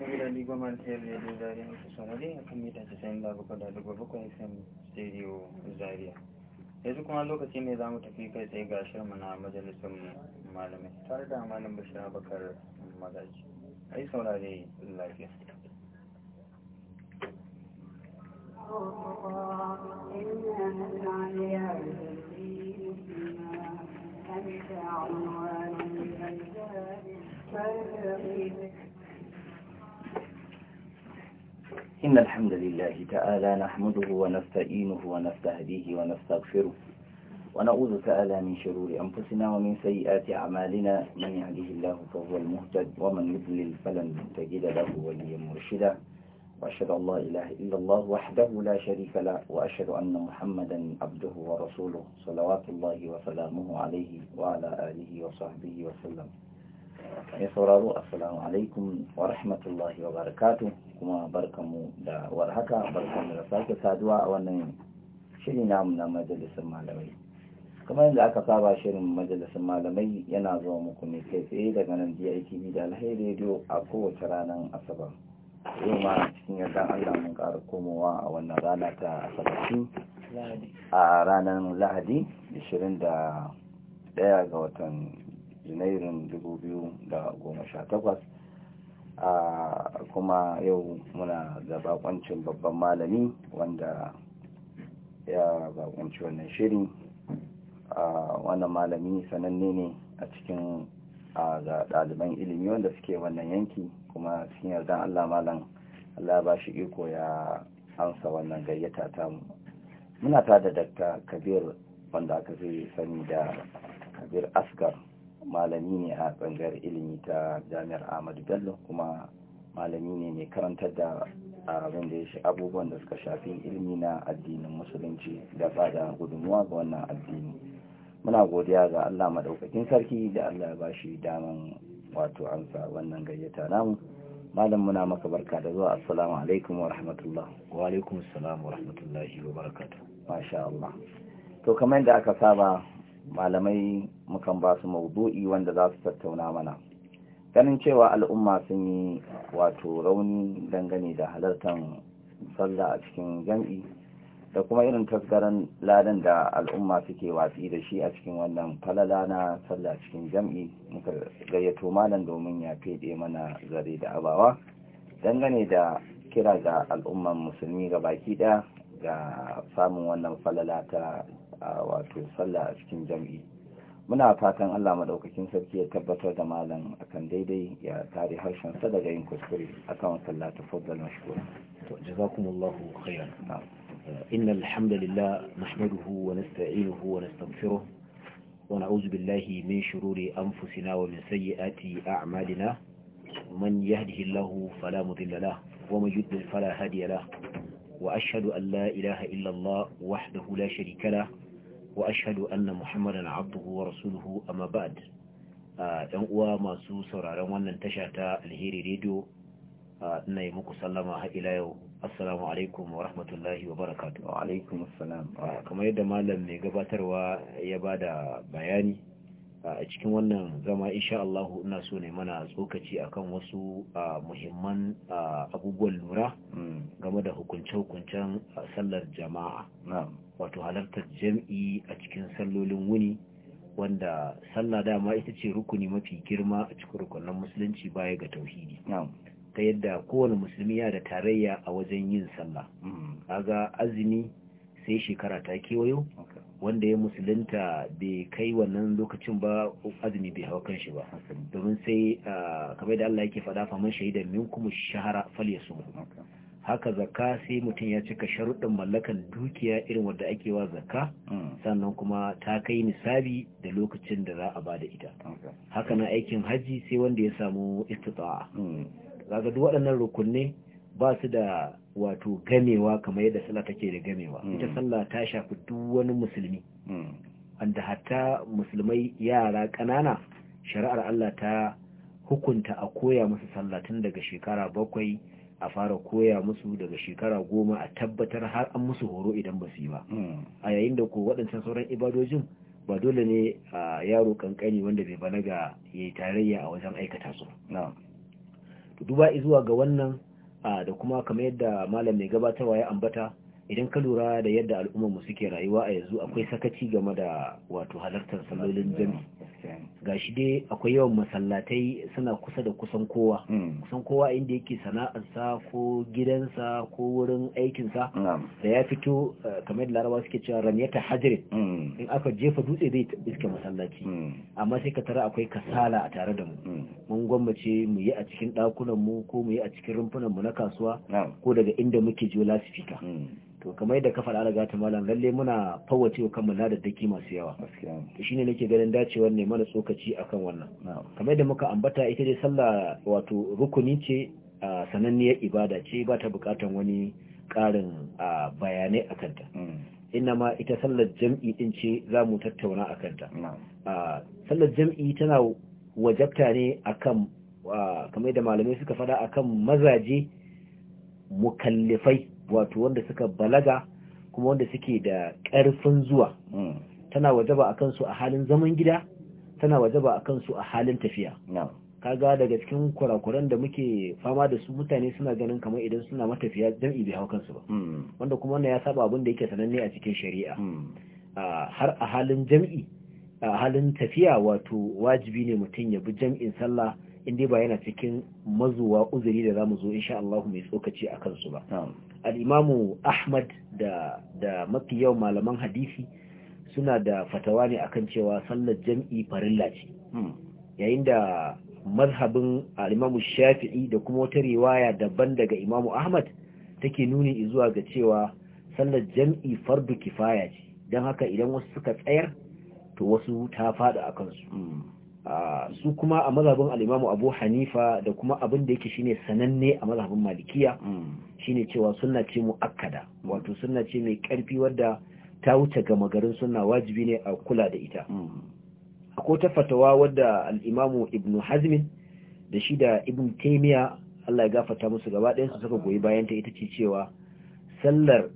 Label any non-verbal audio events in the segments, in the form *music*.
Nagrali ko man sa radio Zaria ng susunod eh. Kamita sa senda ko kadalo ko ko FM stereo Zaria. Yesu kuma lokaci ne za mu tafi kai tsaye ga shirma na majalisar malamai tare da malam bashir bakar magaji a yi saurare lafiya Thank you. إن الحمد لله تعالى نحمده ونستعينه ونستهديه ونستغفره ونعوذ تعالى من شرور أنفسنا ومن سيئات أعمالنا من يهده الله فهو المهتد ومن يضلل فلن تجد له وليا مرشدا وأشهد أن لا إله إلا الله وحده لا شريك له وأشهد أن محمدا عبده ورسوله صلوات الله وسلامه عليه وعلى آله وصحبه وسلم يا السلام عليكم ورحمة الله وبركاته kuma barkanmu da warhaka barkanmu da sake saduwa a wannan shiri namu na majalisar malamai kamar yadda aka saba shirin majalisar malamai yana zuwa muku ne kai tsaye daga nan DITV da alhai rediyo a kowace ranar asabar yau ma cikin yadda Allah mun ƙara komowa a wannan rana ta asabarci a ranar lahadi da ɗaya ga watan janairun dubu biyu da goma sha takwas. kuma yau muna da bakoncin babban malami wanda ya bakonci wannan shiri wannan malami sananne ne a cikin ga ɗaliban ilimi wanda suke wannan yanki kuma cikin yardan allah malam allah ba shi iko ya amsa wannan gayyata ta mu muna tada da dakta kabir wanda aka zai sani da kabir asgar malami ne a tsangar ilimi ta jami'ar ahmadu bello kuma malami ne mai karantar da abin da ya shi abubuwan da suka shafi ilimi na addinin musulunci da ba da gudunmuwa ga wannan addini muna godiya ga allah maɗaukakin sarki da allah ya ba shi daman wato amsa wannan gayyata namu malam muna maka barka da zuwa assalamu alaikum wa rahmatullah wa alaikum assalam wa rahmatullahi wa barakatuh masha allah to kamar yadda aka saba malamai mukan ba su maudu'i wanda za su tattauna mana ganin cewa al'umma sun yi wato rauni dangane da halartar sallah a cikin jam'i da kuma irin tasgaran ladan da al'umma suke watsi da shi a cikin wannan falala na sallah cikin jam'i muka gayyato malam domin ya fede mana zare da abawa dangane da kira ga al'umman musulmi ga baki daya ga samun wannan falala ta wato sallah a cikin jam'i muna fatan Allah maɗaukakin sarki ya tabbatar da malam akan daidai ya tare harshen sa daga yin kuskure akan sallah tafaddal mashkur to jazakumullahu khairan eh, innal hamdalillah nahmaduhu wa nasta'inuhu wa nastaghfiruh wa na'udzu billahi min shururi anfusina wa min sayyiati a'malina man yahdihillahu fala mudilla lah wa man yudlil fala hadiya lah wa ashhadu an la ilaha illa Allah wahdahu la sharika lah وأشهد أن محمدا عبده ورسوله أما بعد ‘yan uwa masu sauraron wannan tasha ta alheri rediyo na muku sallama ha'ila yau assalamu alaikum wa rahmatullahi wa barakatu wa alaikum assalam kamar yadda Mallam mai gabatarwa ya ba da bayani a cikin wannan zama insha Allah ina so ne mana tsokaci akan wasu muhimman abubuwan lura hmm. game da hukunce-hukuncen sallar jama'a wato halartar jam'i a cikin sallolin wuni wanda sallah dama ita ce rukuni mafi girma a cikin rukunan musulunci baya ga tauhidi ta yadda kowane musulmi ya da tarayya a wajen yin sallah hmm. kaga azumi sai shekara ta kewayo wanda ya musulunta bai kai wannan lokacin ba azumi bai hawa shi ba domin sai kamar da Allah yake faɗa faman shahidan minkum shahara falyasum haka zakka sai mutum ya cika sharuɗin mallakan dukiya irin wanda ake wa zakka sannan kuma ta kai nisabi da lokacin da za a bada ita haka na aikin haji sai wanda ya samu istita'a zaga duk waɗannan rukunne ba su da wato gamewa kamar yadda sallah take da gamewa hmm. ita sallah ta shafi duk wani musulmi hmm. wanda hatta musulmai yara ƙanana shari'ar Allah ta hukunta a koya musu sallah tun daga shekara bakwai a fara koya musu daga shekara goma a tabbatar har an musu horo idan ba su yi ba hmm. a yayin da ko waɗancan sauran ibadojin ba dole ne a yaro kankani wanda bai balaga ya yi tarayya a wajen aikata su duba zuwa ga wannan Ah, da kuma kamar yadda malam mai gabatarwa ya ambata idan ka lura da yadda al'ummar mu suke rayuwa a yanzu akwai sakaci game da wato halartar sallolin jami'i ga shi dai akwai yawan masallatai suna kusa da kusan kowa hmm. kusan kowa inda yake sana'arsa ko gidansa ko wurin aikinsa da ya fito eh, kamar da larabawa suke cewa ramyata hajjire hmm. in aka jefa dutse zai iske masallaci hmm. amma sai ka tara akwai kasala a tare da mu mun gwammace mu yi a cikin ɗakunan mu ko mu yi a cikin rumfunan mu na kasuwa ko daga inda muke jiyo lasifika to kamar yadda ka faɗa daga ta malam lalle muna fawwace wa kanmu daki masu yawa to shine nake ganin dacewar ne mana tsokaci akan wannan kamar yadda muka ambata ita dai sallah wato rukuni ce sananniyar ibada ce ba ta bukatan wani ƙarin bayanai a kanta mm. ma ita sallar jam'i din ce za mu tattauna a kanta sallar jam'i tana wajabta ne akan kamar da malamai suka faɗa akan mazaje mukallifai wato wanda suka balaga kuma wanda suke da ƙarfin zuwa hmm. tana wajaba a kansu a halin zaman gida tana wajaba a kansu a halin tafiya kaga daga cikin kurakuran da muke fama da su mutane suna ganin kamar idan suna matafiya jam'i bai hau kansu ba hmm. wanda kuma wannan ya saba abin da yake sananne a cikin shari'a hmm. har a halin jam'i a halin tafiya wato wajibi ne mutum ya bi jam'in sallah inda ba yana cikin mazuwa uzuri da zamu zo insha Allah mai tsokaci a kansu ba al'imamu Ahmad da mafi yawan malaman hadisi suna da fatawa ne akan cewa sallar jam'i farilla ce hmm. yayin da mazhabin al Shafi'i da kuma wata riwaya daban daga imamu Ahmad take nuni zuwa ga cewa sallar jam'i fardu kifaya ce don haka idan wasu suka tsayar to wasu ta faɗa a kansu hmm. su kuma a mazhabin al-Imam Abu Hanifa da kuma abin da yake shine sananne a mazhabin Malikiya mm. shine cewa sunna ce muakkada wato sunna ce mai karfi wadda ta wuce ga magarin sunna wajibi ne a kula da ita mm. akwai ta fatawa wadda al-Imam Ibn Hazm da shi da Ibn Taymiyyah Allah ya gafarta musu gaba ɗayan su suka goyi bayan ta ita ce cewa sallar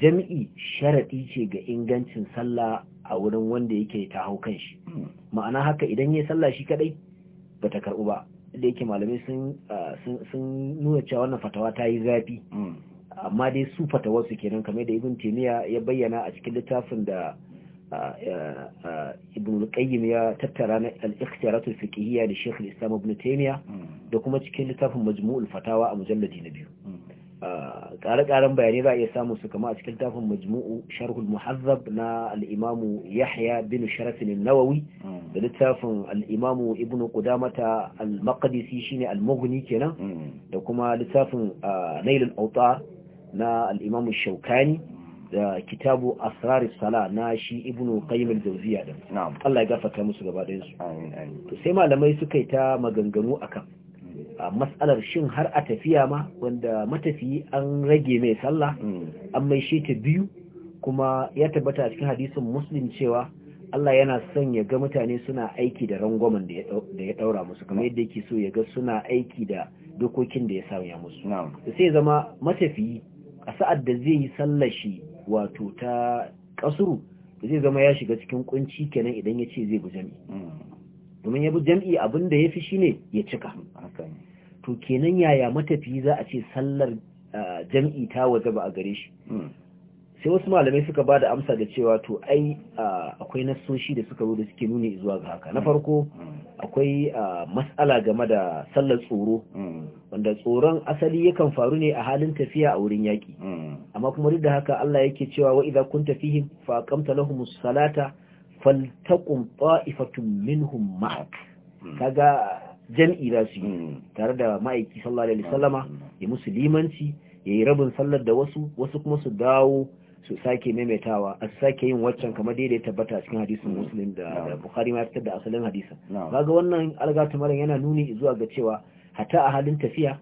jami'i sharaɗi ce ga ingancin sallah a wurin wanda yake ta hau kan shi hmm. ma'ana haka idan ya sallah shi kadai ba ta karɓu ba da yake malamai sun nuna cewa wannan fatawa ta yi zafi hmm. amma dai su fatawa su kenan kamar da ibn timiya ya bayyana a cikin littafin da ibn qayyim ya tattara na al-ikhtiyarat al-fiqhiyya da shaykh al-islam ibn hmm. da kuma cikin littafin majmu'ul fatawa a mujalladi na biyu ƙare-ƙaren bayanai za a iya samu su kama a cikin tafin majmu'u sharhul muhazzab na al'imamu yahya bin sharafin nawawi da littafin al'imamu ibn qudamata al-maqdisi shine al-mughni kenan da kuma littafin nailul auta na al'imamu shaukani da kitabu asrar sala na shi ibn qayyim al-jawziya din Allah ya gafarta musu gaba ɗayan su to sai malamai suka yi ta maganganu akan matsalar shin har a tafiya ma wanda matafiyi an rage mai sallah hmm. an mai shi biyu kuma ya tabbata a cikin hadisin muslim cewa Allah yana son ya ga mutane suna aiki da rangwamen da ya daura musu kamar hmm. yadda yake so ya ga suna aiki da dokokin da ya ya musu sai zama matafiyi a sa'ad da zai yi sallashi wato ta kasuru zai zama ya shiga cikin kunci kenan idan ya ce zai bu jami'i hmm. domin ya bu jam'i abin da ya fi shine ya cika to kenan yaya matafiyi za a ce sallar jam'i ta waje ba a gare shi hmm. sai wasu malamai suka ba da amsa da cewa to ai akwai nasoshi da suka zo da suke nuna zuwa ga haka na hmm. farko hmm. akwai matsala game da sallar tsoro wanda tsoron asali yakan faru ne a halin tafiya a wurin yaƙi amma kuma duk da haka Allah yake cewa wa idza kunta fihim fa aqamta lahumus salata faltaqum ta'ifatun minhum ma'ak kaga jam'i za su yi tare da ma'aiki sallallahu alaihi wasallama ya musu limanci ya yi rabin sallar da wasu wasu kuma su dawo su sake maimaitawa a sake yin waccan kamar daidai tabbata cikin hadisin musulun da bukari ma fitar da asalin hadisin ga wannan algatu yana nuni zuwa ga cewa hata a halin tafiya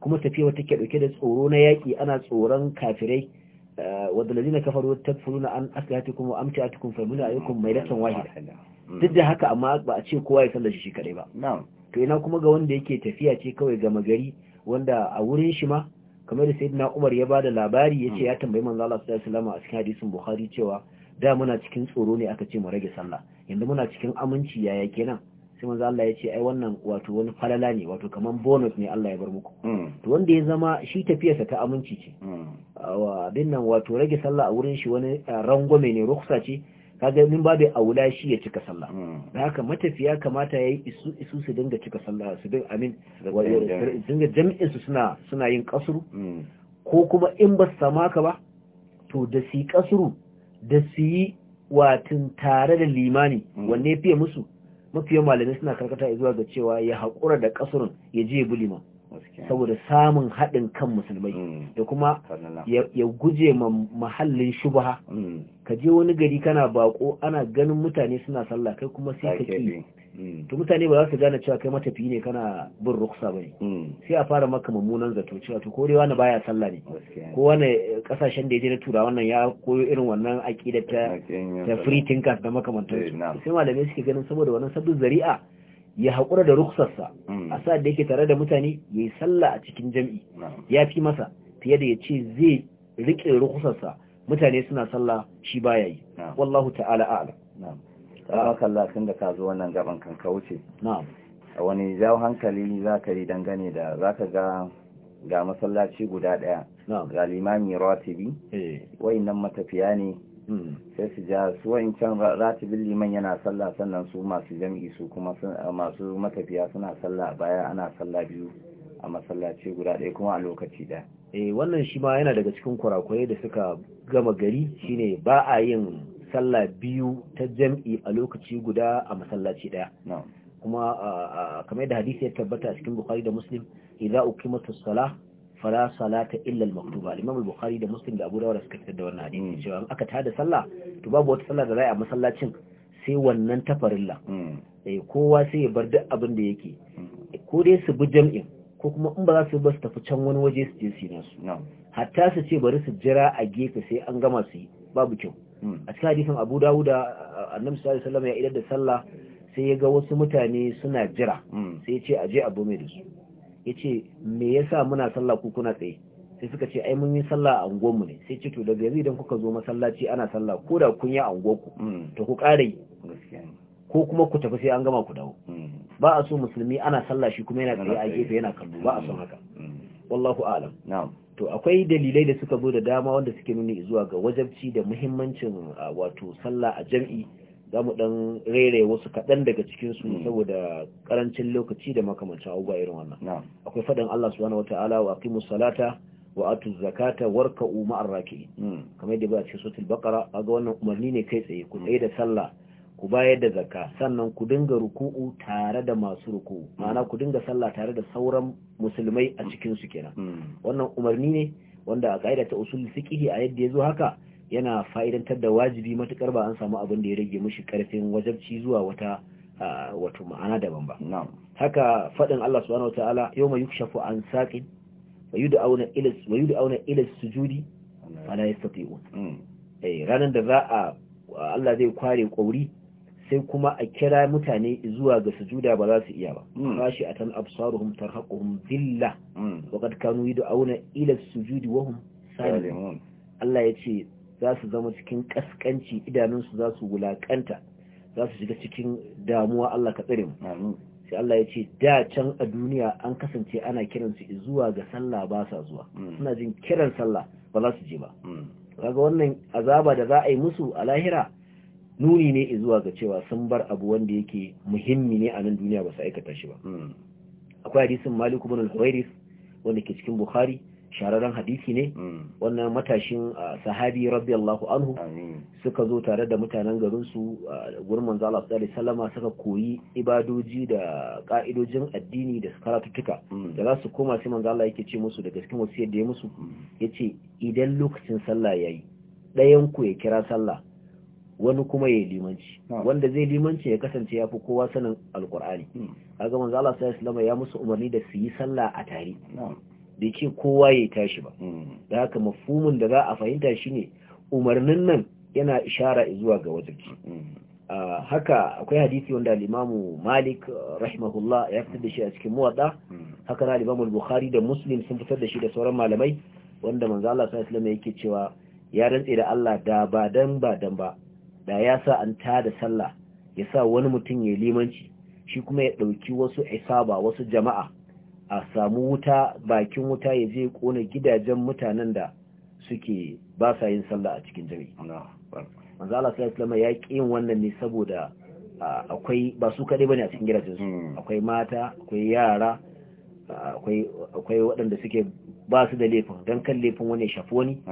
kuma tafiya wata ke dauke da tsoro na yaki ana tsoron kafirai wadda kafar wata kafaru tadfuruna an amci wa amtiatikum fa min mai latin wahida duk da haka amma ba a ce kowa ya sallar shi kaɗai ba to ina kuma ga wanda yake tafiya ce kawai gama gari wanda a wurin shi ma kamar da sayyidina Umar ya bada labari yace ya tambayi manzo Allah sallallahu alaihi wasallam a cikin hadisin Bukhari cewa da muna cikin tsoro ne aka ce mu rage sallah yanzu muna cikin aminci yaya kenan sai manzo Allah ya ce ai wannan wato wani falala ne wato kaman bonus ne Allah ya bar muku hmm. to wanda ya zama shi tafiyarsa ta aminci ce hmm. abin nan wato rage sallah a wurin shi wani eh, rangwame ne ruksa ce kaga min babu wula shi ya cika sallah hmm. da haka matafiya kamata yayi isu isu su dinga cika sallah su din amin dinga jami'in su suna suna yin kasru hmm. ko kuma in ba su sama ka ba to da su kasru da su yi watin tare da limani hmm. wanne fiye musu mafiye malamai suna karkata zuwa ga cewa ya hakura da kasrun ya je bulima saboda samun haɗin kan musulmai mm. da kuma ya guje ma mahallin shubha mm. ka je wani gari kana bako ana ganin mutane suna sallah kai kuma sai ka ki mm. to mutane ba za su gane cewa kai matafi ne kana bin ruksa ba ne sai a fara maka mummunan zato cewa to kore wani baya sallah ne ko wani kasashen da ya je na tura wannan ya koyo irin wannan aƙidar ta free thinkers da makamantar eh, sai malamai suke ganin saboda wannan sabbin zari'a ya haƙura da ruksarsa hmm. a sa da yake tare da mutane ya yi sallah a cikin jam'i ya fi masa fiye da ya ce zai riƙe ruksarsa mutane suna sallah shi baya yi wallahu ta'ala a'ala tsarakallah tun da ka zo wannan gaban kanka wuce a wani jawo hankali za ka yi dangane da za ka ga ga masallaci guda ɗaya ga limami ratibi eh. nan matafiya ne Hmm. sai su ja su wancan ratibin liman yana sallah sannan su masu jam'ii su kuma masu matafiya suna sallah baya ana sallah biyu a masallaci guda ɗaya kuma a lokaci ɗaya eh wannan shi ma yana daga cikin kurakurai da suka gama gari shine ba a yin sallah biyu ta jam'i a lokaci guda a masallaci ɗaya kuma kamar da hadisi ya tabbata cikin bukhari da muslim idza uqimatus salah fala salata illa maktuba Imam al-Bukhari da Muslim da Abu Dawud suka fitar da wannan hadisi mm. cewa in aka tada sallah to babu wata sallah da za a masallacin sai wannan tafarilla mm. eh kowa sai ya bar duk abin da yake mm. ko dai su bi jam'in ko kuma in ba za su ba su tafi can wani waje su je su nasu hatta su ce bari su jira a gefe sai an gama su yi babu kyau a cikin hadisin Abu Dawud annabi sallallahu alaihi wasallam ya idar da sallah sai ya ga wasu mutane suna jira sai ya ce aje abu da su yace me yasa muna sallah ku kuna tsaye sai suka ce ai mun yi sallah a unguwar mu ne sai ce to daga yanzu idan kuka zo masallaci ana sallah ko da kun yi a unguwarku hmm. to ku ƙara ko kuma ku tafi sai an gama ku dawo hmm. ba a so musulmi ana sallah shi kuma yana tsaye a gefe yana kallo ba a son haka hmm. wallahu a'lam to akwai dalilai da suka zo da dama wanda suke nuni zuwa ga wajabci da muhimmancin ah, wato sallah a jam'i za mu ɗan rere wasu kaɗan daga cikinsu hmm. saboda ƙarancin lokaci da makamancin abubuwa irin wannan akwai faɗin Allah subhanahu wa ta'ala wa aqimus salata wa atu zakata warka ma'ar raki hmm. kamar yadda ba cikin suratul baqara kaga wannan umarni ne kai tsaye ku hmm. tsaye da sallah ku bayar da zakka sannan ku dinga ruku'u tare da masu ruku'u ma'ana ku dinga sallah tare da sauran musulmai a cikin su kenan wannan umarni ne wanda a ka'ida ta usul fiqhi a yadda yazo haka yana fa'idantar da wajibi matukar ba an samu abin da ya rage mishi karfin wajabci zuwa wata wato ma'ana daban ba haka faɗin Allah subhanahu wataala yawma yukshafu an saqin wa yud'auna ila wa yud'auna ila sujudi fala yastati'un mm. eh ranan da za a Allah zai kware kauri sai kuma a kira mutane zuwa ga sujuda ba za su iya ba fashi mm. atan absaruhum tarhaquhum dhilla mm. wa qad kanu yud'auna ila sujudi wa hum salimun Allah ya ce za su zama cikin kaskanci idanunsu za su wulakanta za su shiga cikin damuwa Allah ka tsare mu sai Allah ya ce da can a duniya an kasance ana kiransu zuwa ga sallah ba sa zuwa mm. suna jin kiran sallah ba za su je ba mm. kaga wannan azaba da za a yi musu a lahira nuni ne zuwa ga cewa sun bar abu wanda yake muhimmi ne a nan duniya ba su aikata shi ba mm. akwai hadisin Malik bin al-Huwairis wanda ke cikin Bukhari shararren hadisi ne mm. wannan matashin sahabi radiyallahu anhu suka zo tare da mutanen garin su gurin manzo Allah sallallahu alaihi wasallama suka koyi ibadoji da ka'idojin addini da karatutuka mm. da za su koma sai manzo Allah yake ce musu da gaskiya wasu yadda ya musu mm. yace idan lokacin sallah yayi ɗayan ku ya kira sallah wani kuma ya limanci wanda zai limanci ya kasance ya fi kowa sanin alkur'ani kaga manzo Allah sallallahu alaihi wasallama ya musu umarni da su yi sallah a tare da ke kowa ya tashi ba hmm. da haka mafumin da za a fahimta shi ne. umarnin nan yana ishara zuwa ga wajibci hmm. haka akwai hadisi wanda limamu Malik uh, rahimahullah ya fitar da shi a cikin muwadda. Hmm. haka na limamu Bukhari da Muslim sun fitar da shi da sauran malamai wanda manzo Allah sallallahu alaihi yake cewa ya rantse da Allah da ba dan ba dan ba da ya sa an tada sallah ya sa wani mutum ya limanci shi kuma ya ɗauki wasu isaba wasu jama'a a samu wuta bakin wuta ya je kona gidajen mutanen da suke ba sa yin sallah a cikin jami'i manzo Allah sallallahu ya ƙi yin wannan ne saboda akwai ba su kaɗai bane a cikin gidajen su hmm. akwai mata akwai yara akwai waɗanda suke ba su da laifin don kan laifin wani shafi wani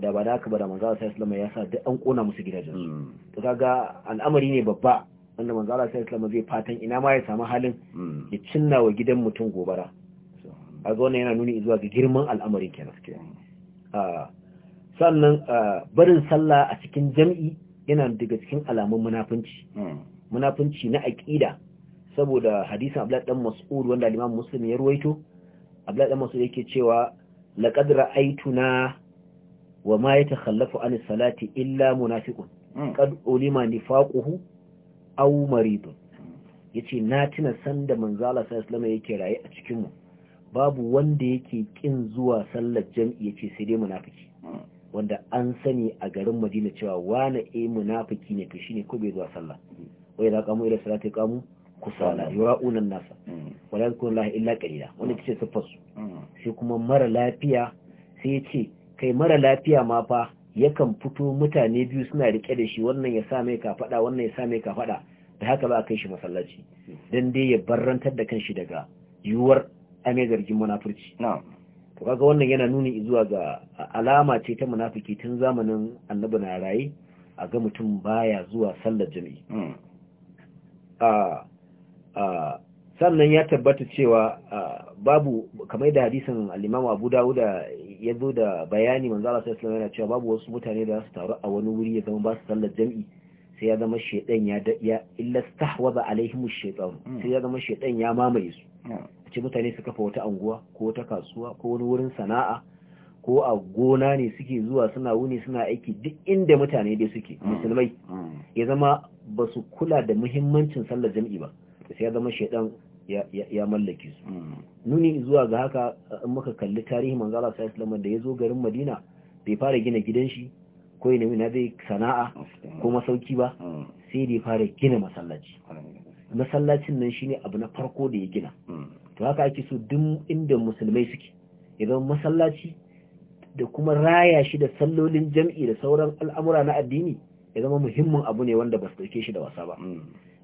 da ba da haka ba da manzo Allah sallallahu ya sa duk an kona musu gidajen su hmm. kaga al'amari ne babba wanda manzo Allah sai Islam zai fatan ina ma ya samu halin hmm. ya cinna wa gidan mutum gobara hmm. a zo yana nuni zuwa ga girman al'amarin kenan ah, sannan ah, barin sallah a cikin jam'i yana daga cikin alamun munafunci hmm. munafunci na aƙida saboda hadisin Abdullah dan Mas'ud wanda Imam Muslim ya ruwaito Abdullah dan Mas'ud yake cewa laqad ra'aytuna wa ma yatakhallafu an salati illa munafiqun qad ulima nifaquhu aw maridun yace na tuna sanda manzo Allah sallallahu alaihi yake raye a cikin mu babu wanda yake kin zuwa sallar jami'i yace sai dai munafiki wanda an sani a garin Madina cewa wani eh munafiki ne to ne ko bai zuwa sallah wai da qamu ila salati qamu kusala yura'una nasa wala yadhkuruna Allah illa qalila wanda tace sifarsu su mm. sai kuma mara lafiya sai yace kai mara lafiya ma fa yakan fito mutane biyu suna rike da shi wannan ya sa mai kafaɗa wannan ya sa mai kafaɗa da haka ba a kai shi masallaci dan dai ya barrantar da kanshi daga yiwuwar a zargin munafurci to kaga wannan yana nuni zuwa ga alama ce ta munafiki tun zamanin annabi na raye a ga mutum baya zuwa sallar jami'i hmm. a sannan ya tabbata cewa babu kamar da hadisin al-Imam Abu Dawud ya zo da bayani manzo Allah sallallahu alaihi yana cewa babu wasu mutane da su taru a wani wuri ya zama ba su sallar jami'i sai ya zama shedan ya ya illa stahwaza alaihim shaytan sai ya zama shedan ya mamaye su hmm. ce mutane su kafa wata anguwa ko wata kasuwa ko wani wurin sana'a ko a gona ne suke zuwa suna wuni suna aiki duk inda mutane dai suke hmm. musulmai hmm. ya zama ba su kula da muhimmancin sallar jami'i ba sai ya zama shedan ya mallake su nuni zuwa ga haka in muka kalli tarihi manzo Allah sallallahu alaihi da yazo garin Madina bai fara gina gidan shi ko na zai sana'a ko masauki ba sai dai fara gina masallaci masallacin nan shine abu na farko da ya gina to haka ake so duk inda musulmai suke idan masallaci da kuma raya shi da sallolin jam'i da sauran al'amura na addini ya zama muhimmin abu ne wanda ba su dauke shi da wasa ba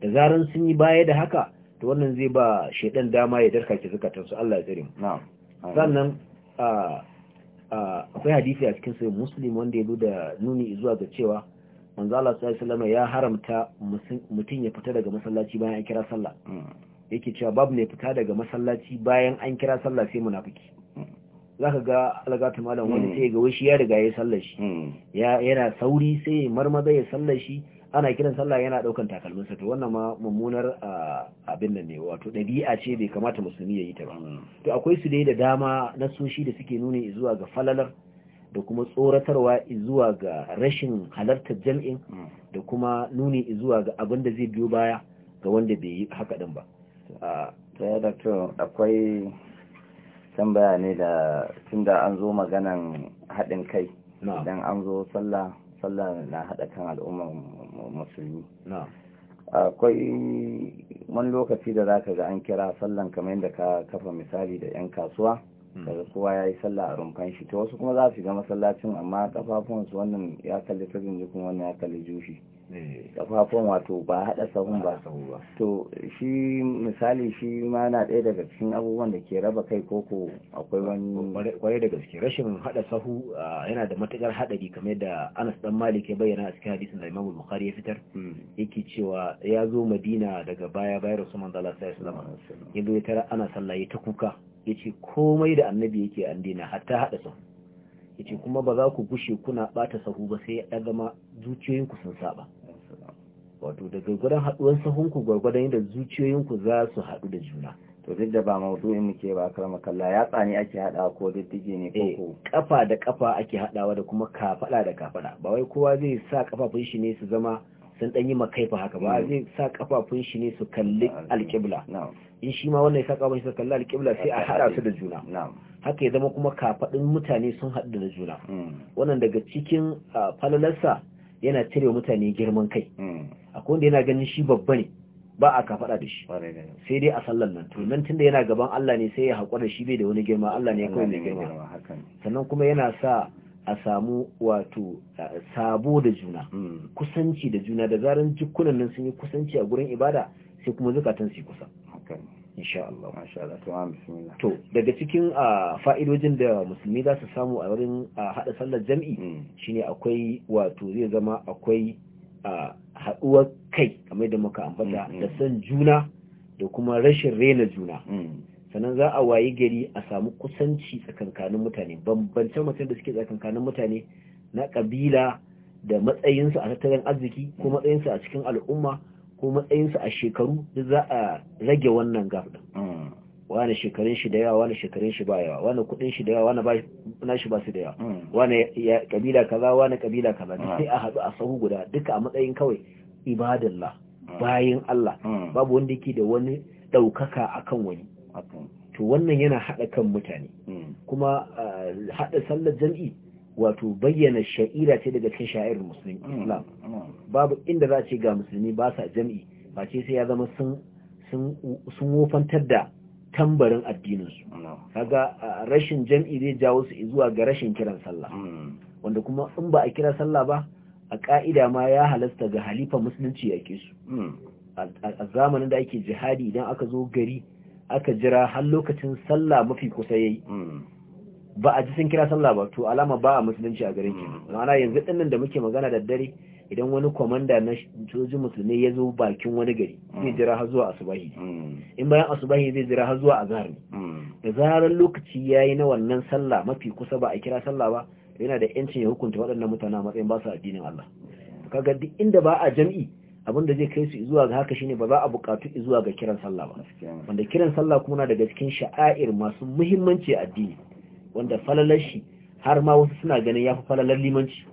da zaran sun yi baya da haka to wannan zai ba shaidan dama ya darka ki zukatansu Allah ya tsare mu sannan akwai hadisi a cikin sai muslim wanda ya da nuni zuwa ga cewa manzo Allah sallallahu alaihi ya haramta mutum ya fita daga masallaci bayan an kira sallah mm. yake cewa babu ne fita daga masallaci bayan an kira sallah sai munafiki mm. zaka ga algatu malam wani mm. sai ga wai shi ya riga ya sallar shi yana sauri sai marmaza ya sallar shi ana kiran sallah yana daukan takalminsa to wannan ma mummunar abin nan ne wato dabi'a ce bai kamata musulmi ya yi ta ba mm. to akwai su dai da dama na soshi da suke nuni zuwa ga falalar da kuma tsoratarwa zuwa ga rashin halartar jam'in mm. da kuma nuni zuwa ga abin da zai biyo baya ga wanda bai yi haka din ba ta daktar akwai tambaya ne da tunda an zo maganan haɗin kai idan an zo sallah sallah na haɗa kan al'ummar musulmi akwai wani lokaci da zaka ga an kira sallan kamar yadda ka kafa misali da 'yan kasuwa daga hmm. kowa ya yi sallah a rumfan shi ta wasu kuma za su ga masallacin amma kafafunsu wanan wannan ya kalli ta kuma wannan ya kalli jushi Eh. kafafun wato ba hada sahun ba to shi misali shi ma na ɗaya daga cikin abubuwan da ke raba kai koko akwai wani kwarai da gaske rashin hada sahu yana da matukar hadari kamar yadda anas dan malik ya bayyana a cikin hadisin da imamu bukhari ya fitar hmm. yake cewa ya zo madina daga baya bayan rasul manzala sallallahu alaihi wasallam ya tara ana sallah ta kuka yace komai da annabi yake an hatta haɗa sahu yace kuma ba za ku gushe kuna bata sahu ba sai ya zama zuciyoyinku sun saba wato da haduwan haduwar ku gwargwadon yadda zuciyoyinku za su hadu da juna to duk da ba maudu'in muke ba karma kalla ya tsani ake hadawa ko diddige ne ko eh, kafa da kafa ake hadawa da kuma kafada da kafada ba wai kowa zai sa kafafun shi ne su zama sun ɗanyi makaifa haka ba hmm. zai sa kafafun shi ne su kalli ah, alƙibla in shi ma wannan ya sa kafafun shi su kalli alƙibla sai a haɗa su da juna haka ya zama kuma kafaɗin mutane sun haɗu da juna hmm. wannan daga cikin ah, falalarsa yana cire mutane girman kai hmm. akwai wanda yana ganin shi babba ne ba a kafaɗa da shi sai dai a sallan nan to nan tunda yana gaban Allah ne sai ya haƙura shi bai da wani girma Allah ne ya kawai mai girma sannan kuma yana sa a samu wato sabo da juna hmm. kusanci da juna da zaran jikunan nan sun yi kusanci a gurin ibada sai kuma zukatan su kusa insha Allah to daga cikin fa'idojin da musulmi za su samu a wurin haɗa sallar jam'i hmm. shine akwai wato zai zama akwai haɗuwar kai kamar da muka ambata hmm. da san juna da kuma rashin rena juna sannan za a wayi gari a samu kusanci tsakankanin mutane bambancin mutum da suke tsakankanin mutane na kabila da matsayinsu a tattalin arziki ko matsayinsu a cikin al'umma ko matsayinsu a shekaru da za a rage wannan gafin mm. wane wani shekarun shi da yawa wani shekarun shi ba yawa wani kudin shi da yawa wani ba shi ba su da yawa mm. wani kabila kaza wani kabila kaza mm. sai a haɗu a sahu guda duka a matsayin kawai ibadallah bayin Allah babu wanda yake da wani ɗaukaka akan wani to wannan yana haɗa kan mutane hmm. kuma haɗa sallar jam'i wato bayyana sha'ira ce daga cikin sha'irar musulmi hmm. islam hmm. babu inda za ce ga musulmi ba sa jam'i ba ce sai ya zama sun wofantar da tambarin addininsu kaga rashin jam'i zai jawo su zuwa ga rashin kiran sallah wanda kuma in ba a kira sallah ba a ka'ida ma ya halasta ga halifa musulunci ya ke su a zamanin da ake jihadi idan aka zo gari aka jira har lokacin sallah mafi kusa yayi hmm. ba a ji sun kira sallah ba to alama ba a musulunci a garin ki hmm. ma'ana yanzu dinnan da muke magana da dare idan wani komanda na sojin musulmi ya zo bakin wani gari hmm. zai jira har zuwa asubahi in bayan asubahi zai jira har zuwa azhar da zarar lokaci yayi na wannan sallah mafi kusa ba a kira sallah ba yana da yancin ya hukunta waɗannan mutane a matsayin ba su addinin Allah kaga duk inda ba a jami'i. abin da zai kai su zuwa ga haka shine ba za a bukatu zuwa ga kiran sallah ba wanda kiran sallah kuma na daga cikin sha'air masu muhimmanci a addini wanda falalar shi har ma wasu suna ganin yafi falalar limanci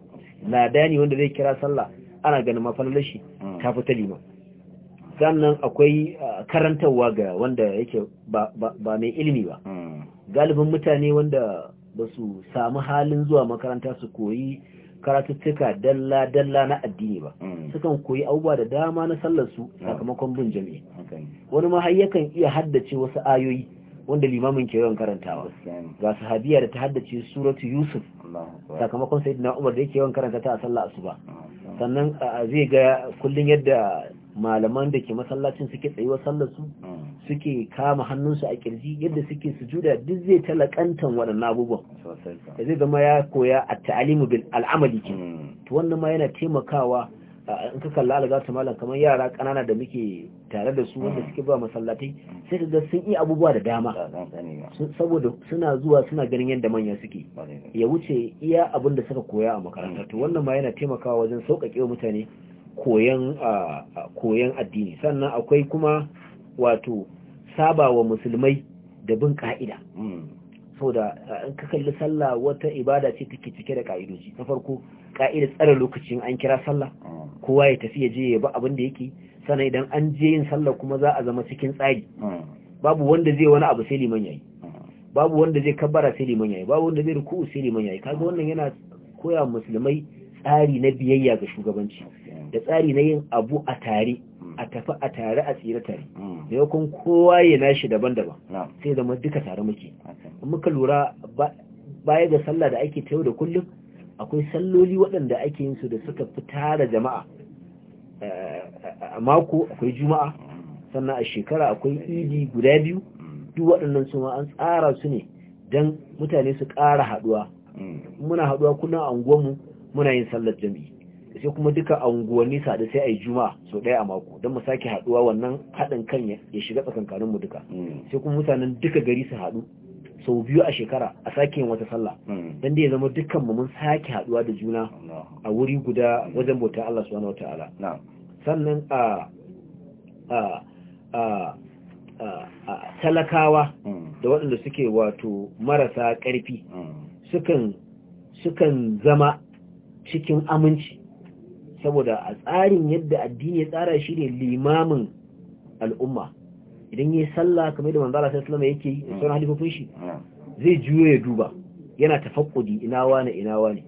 Na dani wanda zai kira sallah ana ganin ma falalar shi mm. ta liman sannan akwai karantarwa ga wanda yake ba mai ilimi ba mm. galibin mutane wanda basu su samu halin zuwa makaranta su koyi karatuttuka dalla dalla na addini ba mm. sukan koyi abubuwa da dama na sallar su sakamakon bin jami'i wani ma har yakan iya haddace wasu ayoyi wanda limamin ke yawan karantawa ga sahabiya da ta haddace suratu yusuf sakamakon na umar da yake yawan karanta ta a sallar asuba ah, sannan zai ga kullum yadda malaman da ke masallacin suke tsayuwar sallar su mm. suke kama hannunsu a kirji yadda suke sujuda duk zai talakantan waɗannan abubuwan da zai zama ya koya a ta'alimu bil al'amali ke hmm. to wannan ma yana taimakawa in ka kalla alaga ta malam kamar yara ƙanana da muke tare da su wanda hmm. suke ba masallatai sai ka ga sun yi abubuwa da dama saboda suna zuwa suna ganin yadda manya suke ya wuce iya abin da suka koya a makaranta hmm. to wannan ma yana taimakawa wajen sauƙaƙe wa mutane koyan addini sannan akwai kuma wato saba wa musulmai da bin ka'ida hmm. saboda uh, in ka kalli sallah wata ibada ce take cike da ka'idoji na farko ka'idar tsara lokacin an kira sallah hmm. kowa ya tafi ya je ya ba abin da yake sannan idan an je yin sallah kuma za a zama cikin tsari hmm. babu wanda zai wani abu sai liman yayi babu wanda zai kabbara sai liman yayi babu wanda zai ruku'u sai liman yayi kaga wannan yana koya musulmai tsari na biyayya ga shugabanci da tsari na yin abu a tare a tafi a tare a tsira tare da hmm. yakon kowa ya nashi daban-daban sai zama duka tare muke muka lura baya ga sallah da ake ta yau da kullum akwai salloli waɗanda ake yin su da suka fi tara jama'a eh, a mako akwai juma'a sannan a shekara akwai idi guda biyu hmm. duk waɗannan suna an tsara su ne don mutane su ƙara haɗuwa hmm. muna haɗuwa kuna a unguwanmu muna yin sallar jami'i sai kuma duka unguwanni sadu sai a yi juma'a so ɗaya a mako don mu sake haɗuwa wannan haɗin kan ya shiga tsakankanin mu duka mm. sai kuma mutanen duka gari su haɗu sau biyu a shekara a sake yin wata sallah mm. don dai ya zama dukkan mu mun sake haɗuwa da juna a wuri guda mm. wajen bauta Allah subhanahu ta'ala sannan a talakawa da waɗanda suke wato marasa ƙarfi sukan zama cikin aminci saboda a tsarin yadda addini ya tsara shi ne limamin al'umma idan yi sallah kamar da manzala sai sallama yake yi da sauran halifofin shi zai juyo ya duba yana tafakkudi ina wane ina ne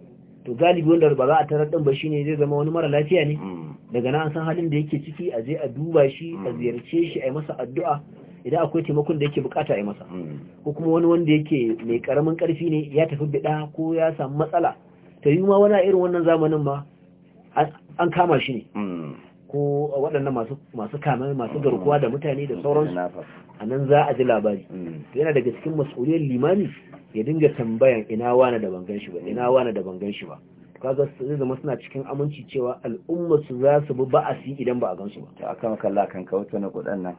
to galibi wanda ba za a tarar ɗan ba shi ne zai zama wani mara lafiya ne daga na an san halin da yake ciki a je a duba shi a ziyarce shi a yi masa addu'a idan akwai taimakon da yake bukata a yi masa ko kuma wani wanda yake mai karamin karfi ne ya tafi biɗa ko ya samu matsala ta yi ma wani irin wannan zamanin ma an kama shi ne hmm. ko waɗannan masu kama masu garkuwa da mutane da hmm. sauransu a nan za a ji labari hmm. yana daga cikin mas'uliyar limani ya dinga tambayan ina wane da gan shi ba ina wane da gan shi ba kaga sai zama suna cikin aminci cewa al'umma su za su bi ba'asi idan ba a gansu ba ta aka kalla kan ka wuce na kudan nan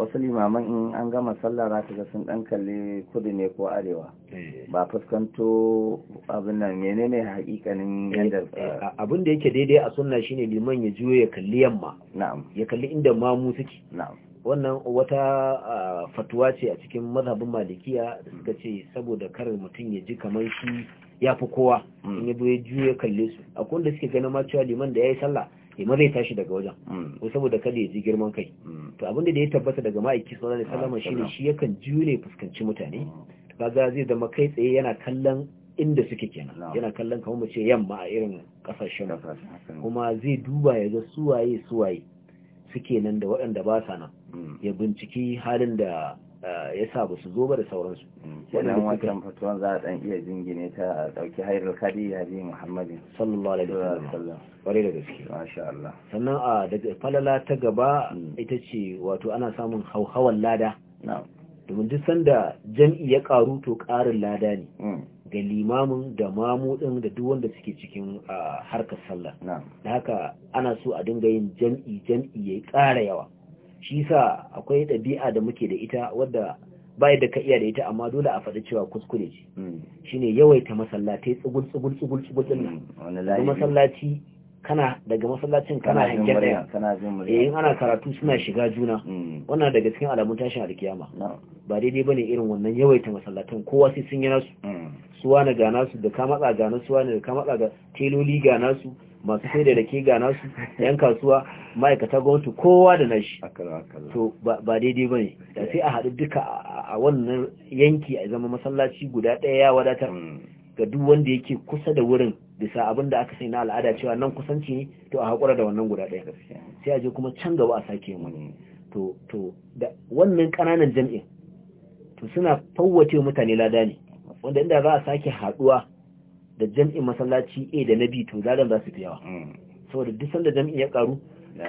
wasu limaman in an gama sallah za ka ga sun dan kalle kudu ne ko arewa eh. ba fuskanto abin nan menene hakikanin eh, yanda eh, abin da yake daidai a sunna shine liman ya juyo ya kalli yamma na'am ya kalli inda mamu suke na'am wannan wata fatuwa ce a cikin mazhabin malikiya da suka ce saboda karar mutum ya ji kamar shi ya fi kowa mm. in ya ya juya kalle su akwai wanda suke ganin ma cewa liman da ya yi sallah liman zai tashi daga wajen mm. ko saboda kada ya ji girman kai mm. to abin da ya tabbata daga ma'aiki sallallahu alaihi wasallam ne shi yakan juyo ne fuskanci mutane kaga zai zama kai tsaye yana kallon inda suke kenan yana kallon kamar ce yamma a irin kasashen kuma zai duba ya ga suwaye suwaye suke nan da waɗanda ba sa nan ya binciki halin da eh, ya sa ba su zo ba da sauransu mm. wannan wancan fatuwan za a dan iya jingine ta dauki hairul kadi ya ji muhammadin sallallahu alaihi wasallam kware da gaske masha Allah sannan a ah, daga falala ta gaba mm. ita ce wato ana samun hauhawan lada domin duk sanda jam'i ya karu to karin lada ne mm. ga limamin da mamu da duk wanda suke cikin ah, harkar sallah da haka ana so a dinga yin jam'i jam'i ya kara yawa shi sa akwai ɗabi'a da muke da ita wadda bayan da ka iya da ita amma dole a faɗi cewa kuskure ce hmm. shine yawaita masallatai tsugul tsugul tsugul tsugul din nan hmm. masallaci kana daga masallacin kana hangen ɗaya eh in ana karatu suna shiga juna hmm. wannan daga cikin alamun tashin alkiyama ba daidai bane irin wannan yawaita masallatan kowa sai sun yi nasu suwa na gana su da ka matsa gana suwa ne da ka matsa ga teloli gana su masu sai da rake ga nasu yan kasuwa ma'aikata gwamnati kowa da nashi to ba daidai ba ne da sai a haɗu duka a wannan yanki a zama masallaci guda ɗaya ya wadatar mm. ga duk wanda yake kusa da wurin bisa abin da aka sai na al'ada cewa nan kusanci ne to a haƙura da wannan guda ɗaya sai a je kuma can gaba a sake wani mm. to to da wannan ƙananan jam'in to suna fawwace mutane lada ne wanda inda za a sake haɗuwa da jam'in masallaci A da na B to ladan za su fi yawa mm. saboda duk sanda jam'in ya karu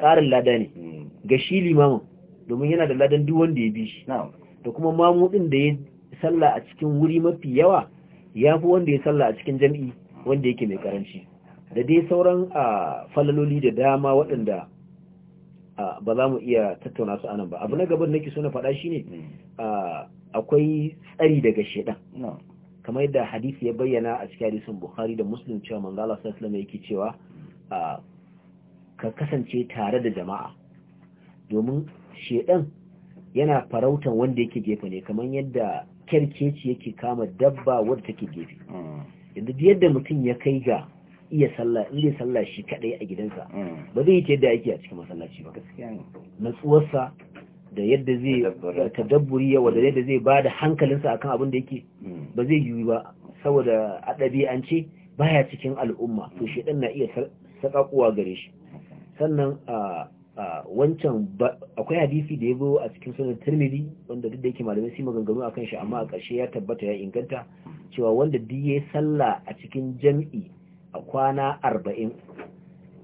karin lada ne mm. ga shi limamin domin yana da ladan duk wanda ya bi shi da kuma mamudin da ya salla a cikin wuri mafi yawa ya fi wanda ya salla a cikin jam'i wanda yake mai karanci da dai sauran falaloli da dama waɗanda ba za mu iya tattauna su anan ba abu na gaban nake so na faɗa shine mm. akwai tsari daga shedan kamar da hadisi ya bayyana a cikin hadisin bukhari da muslim cewa Allah sallallahu yake cewa ka kasance tare da jama'a domin shedan yana farautan wanda yake gefe ne kamar yadda kerkeci yake kama dabba wadda take gefe mm. duk yadda mutum ya kai ga iya sallah inda sallah shi kadai a gidansa mm. ba zai yi yadda yake a cikin masallaci ba ne natsuwarsa da yadda zai tadabburi yawa da yadda zai ba da hankalinsa akan abin da yake hmm. ba zai yiwu ba saboda a ɗabi'ance baya cikin al'umma to hmm. shi na iya sakakuwa gare shi sannan wancan akwai hadisi da ya zo a cikin sunan tirmidhi wanda duk da yake malamai su maganganu a kan shi amma a ƙarshe ya tabbata ya inganta cewa wanda duk ya sallah a cikin jam'i a kwana arba'in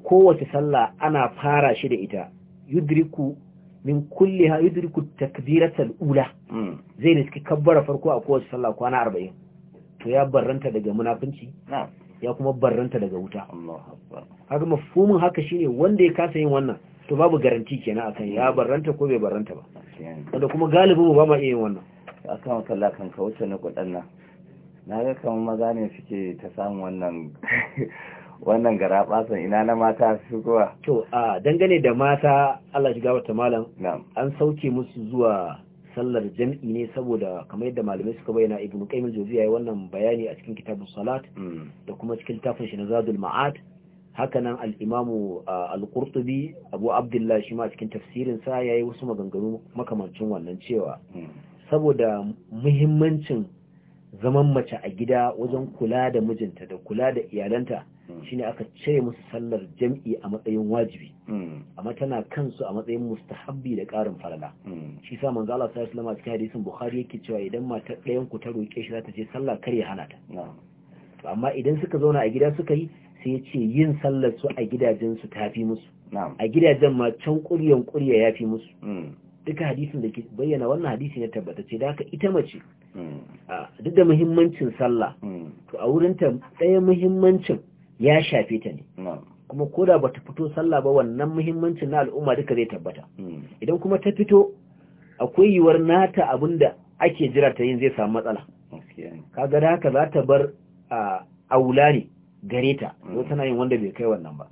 kowace sallah ana fara shi da ita yudriku min kulli ha yudriku takbiratal ula hmm. zai suke kabbara farko a kowace sallah kwana 40 to ya barranta daga munafinci ya kuma barranta daga wuta haka mafumin haka shine wanda ya kasa yin wannan to babu garanti kenan akan ya hmm. barranta ko bai barranta ba wanda kuma galibi ba ma iya yin wannan akan wakalla kan ka wuce na kudanna na ga kamar maza ne suke ta samu wannan wannan gara basan ina na mata su to a dangane da mata Allah shiga wata malam an sauke musu zuwa sallar jam'i ne saboda kamar yadda malamai suka bayyana ibnu qayyim al ya yayin wannan bayani a cikin kitabun salat mm. da kuma cikin littafin shi na zadul ma'ad hakanan al-imamu al abu abdullah shi ma cikin tafsirin sa ya yi wasu maganganu makamancin wannan cewa mm. saboda muhimmancin zaman mace a gida wajen kula da mijinta da kula da iyalanta Hmm. shine aka ce musu sallar jam'i a matsayin wajibi hmm. amma tana kansu a matsayin mustahabbi da ƙarin farala hmm. shi sa manzo Allah sallallahu alaihi wasallam a cikin hadisin Bukhari yake cewa idan mata ɗayan ku ta roke shi za ta je sallah kar ya hana ta amma idan suka zauna a gida suka yi sai ya ce yin sallar su a gidajen su fi musu a gidajen ma can ƙuryan ƙurya fi musu duka hadisin da ke bayyana wannan hadisi ne ce da haka ita mace duk da muhimmancin sallah to a wurin ta ɗaya muhimmancin ya shafe ta ne kuma koda ba ta fito sallah ba wannan muhimmancin na al'umma duka zai tabbata hmm. idan kuma ta fito akwai yiwuwar nata abinda ake jira ta yin zai samu matsala kaga da haka za ta bar aula ne gare ta zo hmm. tana yin wanda bai kai wannan ba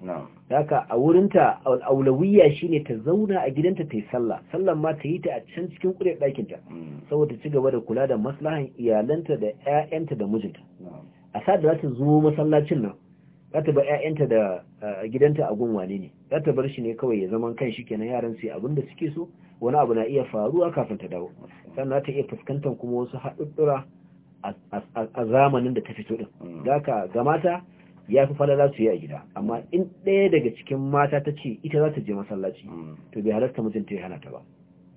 da haka a wurinta aulawiya shine ta zauna a gidanta ta yi sallah sallan ma ta yi ta a can cikin kudin ɗakinta hmm. saboda ci gaba da kula da maslahan iyalanta da 'ya'yanta da mijinta a sa da za ta zo masallacin nan za ta bar 'ya'yanta da gidanta a gun wane ne za ta bar shi ne kawai ya zama kan shi kenan yaran sai abin da suke so wani abu na iya faruwa kafin ta dawo sannan za ta iya fuskantar kuma wasu haɗuɗɗura a zamanin da ta fito ɗin da mm. ka ga mata ya fi falala su yi a gida amma in ɗaya daga cikin mata ta ce ita za ta je masallaci mm. to bai halarta mijinta ya hana ta ba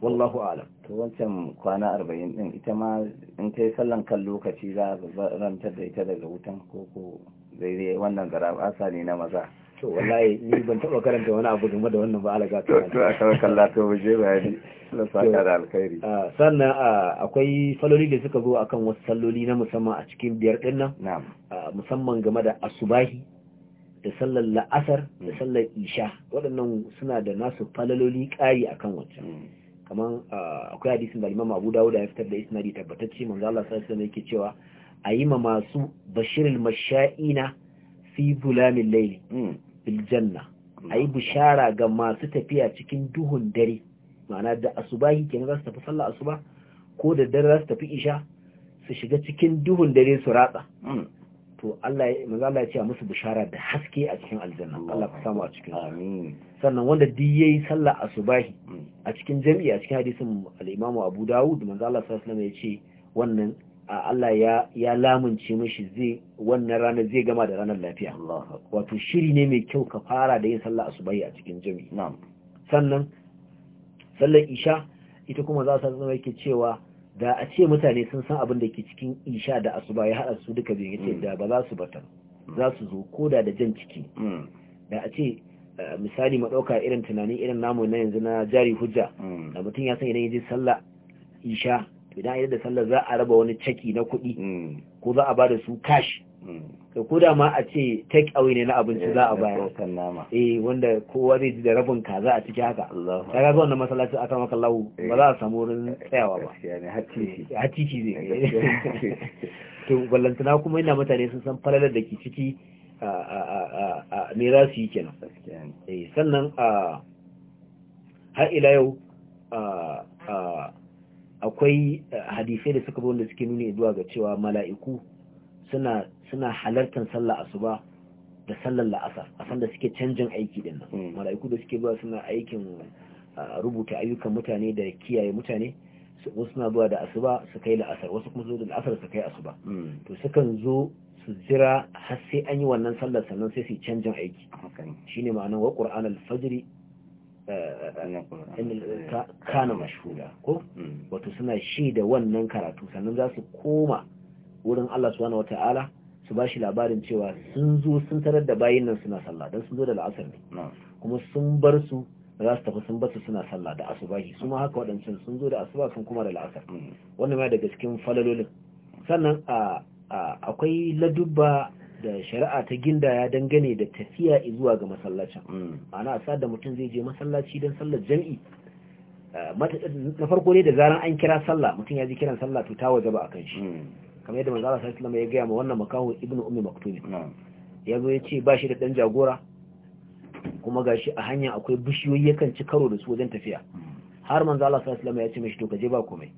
wallahu alam to wancan kwana arba'in ɗin ita ma in ta yi sallan kan lokaci za a rantar da ita daga wutan koko daidai wannan gara asa ne na maza to wallahi ni ban taba karanta wani abu game da wannan ba alaka to to a kan kalla to buje bayani Allah saka da alkhairi sannan akwai faloli da suka zo akan wasu salloli na musamman a cikin biyar din nan na'am musamman game da asubahi da sallar la'asar da hmm. sallar isha waɗannan suna da nasu falaloli ƙari akan wancan hmm. kamar akwai hadisin da Imam Abu da ya fitar da isnadi tabbatacce manzo Allah sallallahu alaihi wasallam yake cewa a yi ma masu bashirin masha'ina fi zulamin laili biljanna hmm. a yi hmm. bishara ga masu tafiya cikin duhun dare ma'ana da asubahi kenan za su tafi sallah asuba ko da dare za su tafi isha su shiga cikin duhun dare su ratsa hmm. to Allah manzo Allah ya ce musu bishara da haske a cikin aljanna Allah ka samu a cikin amin sannan wanda duk yayi sallah asubahi a cikin jami'i a cikin hadisin al-Imam Abu Dawud manzo Allah sallallahu alaihi wasallam ya ce wannan Allah ya lamunce mashi zai wannan ranar zai gama da ranar lafiya wato shiri ne mai kyau ka fara da yin sallah asubahi a cikin Jami. sannan sallar isha ita kuma za su zama yake cewa da a ce mutane sun san abin da ke cikin isha da asuba ya haɗa su duka zai yace mm. da ba za su bata za su zo ko da jan ciki mm. da a ce eh, misali maɗauka ɗauka irin tunanin irin namu na yanzu na jari hujja mm. da mutum ya san idan ya je sallah isha idan a yi da sallar za a raba wani caki na kuɗi mm. ko za a ba da su kashi mm. ko da ma a ce take away ne na abinci eh, za a bayar eh wanda kowa zai ji da rabin kaza a ciki haka ta ga wannan masallaci aka maka lahu ba za a samu wurin eh, tsayawa ba hatici eh, zai *laughs* to na kuma ina mutane sun san falalar da ke ciki a mirasi kenan sannan har ila yau akwai eh, hadisai da suka wanda suke nuni zuwa ga cewa mala'iku suna suna halartar sallah asuba da sallar la'asar a sanda suke canjin aiki din nan hmm. mala'iku da suke zuwa suna aikin rubuta ayyukan mutane da kiyaye mutane wasu suna zuwa da asuba su kai la'asar wasu kuma zo da la'asar su kai asuba hmm. to sukan zo su jira har sai an yi wannan sallar sannan sai su canjin aiki shine ma'anar wa qur'anal fajri kana mashhura ko mm. wato suna shi da wannan karatu sannan za su koma wurin Allah subhanahu wata'ala su bashi labarin cewa sun zo sun tarar da bayin nan suna sallah dan sun zo da la'asar ne kuma sun bar su za su tafi sun bar su suna sallah da asubahi kuma haka wadancan sun zo da asuba sun kuma da la'asar mm. wannan ma daga cikin falalolin sannan a akwai ladubba da shari'a ta ginda ya dangane da tafiya zuwa ga masallacin mm. ana sa da mutum zai je masallaci don sallar jam'i eh, na farko ne da zaran an kira sallah mutum ya ji kiran sallah to ta waje ba a kan shi mm. kamar yadda manzara Allah ya gaya ma wannan makaho ibnu ummi maktubi mm. ya zo ya ce ba shi da dan jagora kuma gashi a hanya akwai bishiyoyi yakan ci karo da su wajen tafiya har manzara Allah sallallahu ya ce mishi to ka je ba komai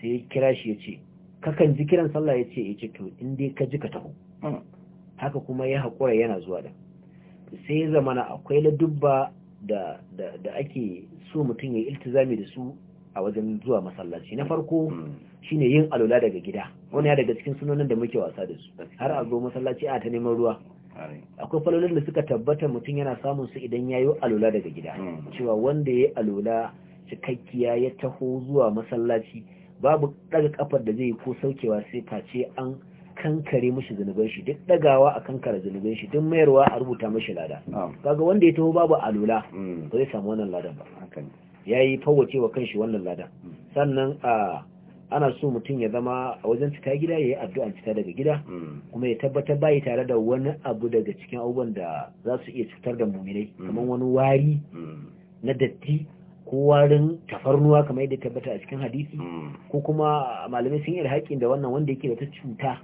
sai ya kira shi ya ce kakan ji kiran sallah ya ce ya eh, ce to in dai ka ji ka taho haka kuma ya haƙura yana zuwa da sai ya zamana akwai ladubba da, da, ake so mutum ya yi iltizami da su a wajen zuwa masallaci na farko hmm. shine yin alula daga gida wani ya daga cikin sunanin da muke wasa da su har a zo masallaci a ta neman ruwa akwai falolin da suka tabbata mutum yana samun su idan ya yi alula daga gida hmm. cewa wanda ya yi alula cikakkiya ya taho zuwa masallaci babu daga kafar da zai ko saukewa sai face an kankare mashi zunuban shi duk dagawa a kankara zunuban shi duk mayarwa a rubuta mashi lada kaga wanda ya taho babu alula mm. ba zai samu wannan ladan ba yayi yi fawace wa kanshi wannan ladan mm. sannan a ana so mutum ya zama a wajen fita gida ya yi addu'an cita daga gida mm. kuma ya tabbatar bayi tare da wani abu daga cikin abubuwan da za su iya cutar da muminai kamar wani wari na datti ko warin tafarnuwa kamar yadda tabbata a cikin hadisi ko kuma malamai sun yi da wannan wanda yake da ta cuta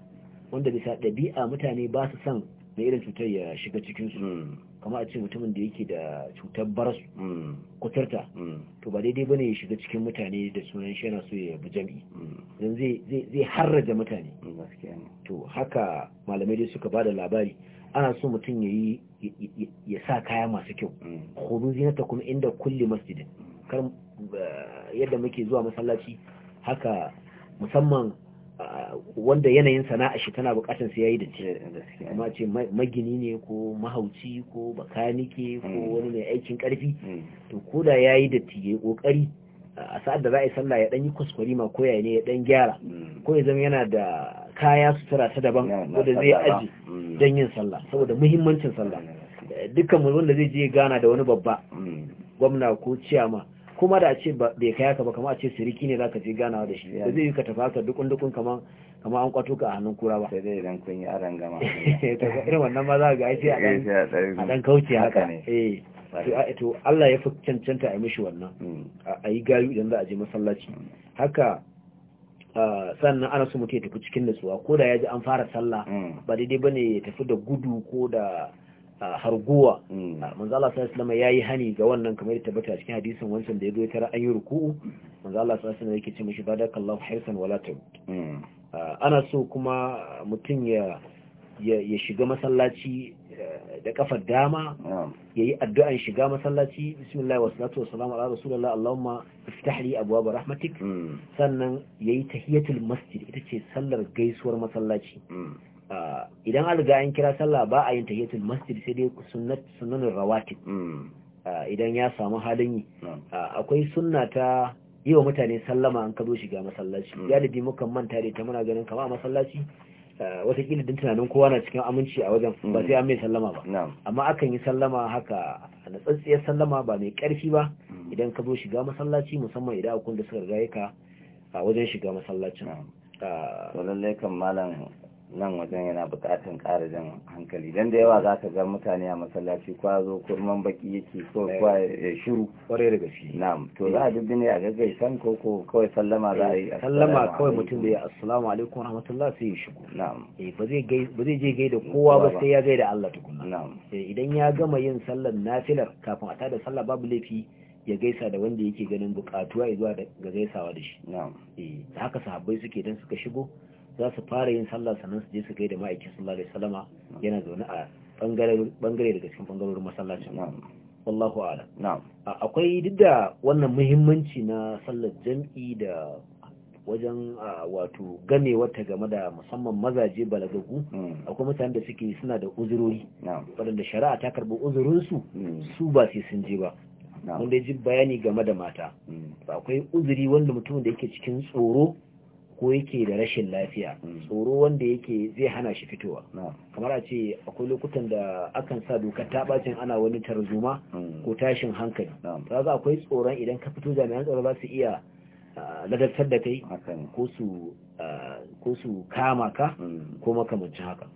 wanda bisa ɗabi'a mutane ba su san. da irin cutar ya shiga cikinsu hmm. kama a ce mutumin da yake da cutar barasu hmm. kuturta hmm. to ba daidai bane ya shiga cikin mutane da sunan shi yana so ya bi jam'i don zai harraja mutane to haka malamai dai suka ba da labari ana so mutum ya yi ya sa kaya masu kyau zina zinata kuma inda kulle masjidin kar eh, yadda muke zuwa masallaci haka musamman wanda yanayin sana'a shi tana bukatar sai yayi da ce amma ce magini ne ko mahauci ko bakanike ko mm. wani mai aikin karfi mm. to ko da yayi da ti kokari a sa'ad da za a yi sallah ya dan yi kuskure ma ko ne ya dan gyara mm. ko ya zama yana da kaya sutura ta daban wanda zai aji dan yin sallah saboda muhimmancin sallah dukkan mu wanda zai je gana da wani babba gwamna ko ciyama kuma da a ce bai kai haka ba kama a ce siriki ne zaka je ganawa da shi zai yi ka tafi haka dukun dukun kamar kamar an kwato ka a hannun kura ba sai dai idan kun yi aran gama *laughs* irin wannan ma za ga ai sai a dan kauce haka eh to Allah ya fi cancanta a yi mishi wannan hmm. a yi gayu idan za a je masallaci hmm. haka sannan ana su mutu ya tafi cikin nutsuwa ko da ya ji an fara sallah hmm. ba daidai bane ya tafi da gudu ko da harguwa hmm. manzo Allah sallallahu alaihi yayi hani ga wannan kamar da tabbata cikin hadisin wancan da yazo ya tara an yi ruku'u manzo Allah sallallahu alaihi wasallam yake ce mishi badakallahu haysan wala tabu hmm. ana so kuma mutum ya ya shiga masallaci eh, da kafar dama yayi addu'an shiga masallaci bismillah wa salatu ala rasulillah allahumma iftah li abwaab rahmatik hmm. sannan yayi tahiyatul masjid ita ce sallar gaisuwar masallaci idan an riga an kira sallah ba a yin tahiyatul masjid sai dai sunnat sunanin rawatib mm. idan ya samu halin yi akwai sunna ta yi wa mutane sallama an kazo shiga masallaci ya mm. da bi mukan manta da ta muna ganin kama a masallaci watakila din tunanin kowa na cikin aminci a wajen ba sai mm. an mai sallama ba amma akan yi sallama haka na tsantsiyar sallama ba mai karfi ba idan ka zo shiga masallaci musamman idan akwai da suka riga ka a wajen shiga masallacin lallai kan malam nan wajen yana bukatun ƙara jan hankali don da yawa za ka ga mutane a masallaci zo kurman baki yake ko eh. kwa ya shiru kwarai da gaske na to za a dubbine a gaggai san ko ko kawai sallama za a yi eh, sallama kawai mutum da ya assalamu alaikum rahmatullah sai ya shigo na eh, ba zai je gaida kowa ba sai ya gaida Allah tukuna idan ya gama yin sallar nafilar kafin a tada sallah babu laifi ya gaisa da wanda yake ganin bukatuwa ya zuwa ga gaisawa da shi na'am eh haka sahabbai suke dan suka shigo za su fara yin sallah sannan su je su gaida ma'aikin sallah da salama yana zaune a bangare daga cikin bangarorin masallacin wallahu ala akwai duk da wannan muhimmanci na sallar jam'i da wajen wato game wata game da musamman mazaje balagagu hmm. akwai mutane da suke suna da uzurori waɗanda shari'a ta karɓi uzurinsu hmm. su ba sai sun je ba wanda ya ji bayani game da mata hmm. akwai uzuri wanda mutumin da yake cikin tsoro ko yake da rashin lafiya hmm. tsoro wanda yake zai hana shi fitowa kamar a ce akwai lokutan da akan sa dokar ta bacin ana wani tarzoma hmm. ko tashin hankali za akwai tsoron idan ka fito jami'an tsaro za su iya ladabtar da kai ko su kama ka hmm. ko makamancin haka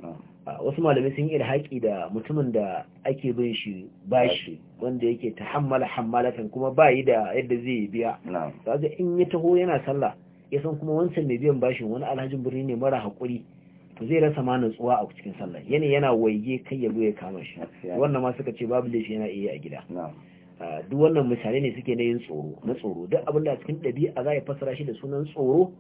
wasu malamai sun yi ilhaki da mutumin da ake bin shi bashi wanda yake ta hammala hammalatan kuma ba yi da yadda zai biya ga in ya taho yana sallah ya san kuma wancan mai biyan bashin wani alhajin birni ne mara haƙuri to zai rasa ma nutsuwa a cikin sallah yana yana waige kai ya ya kama shi wannan ma suka ce babu laifi yana iya a gida ah, duk wannan misali ne suke na yin tsoro na tsoro duk abin da a cikin ɗabi'a za ya fassara shi da sunan tsoro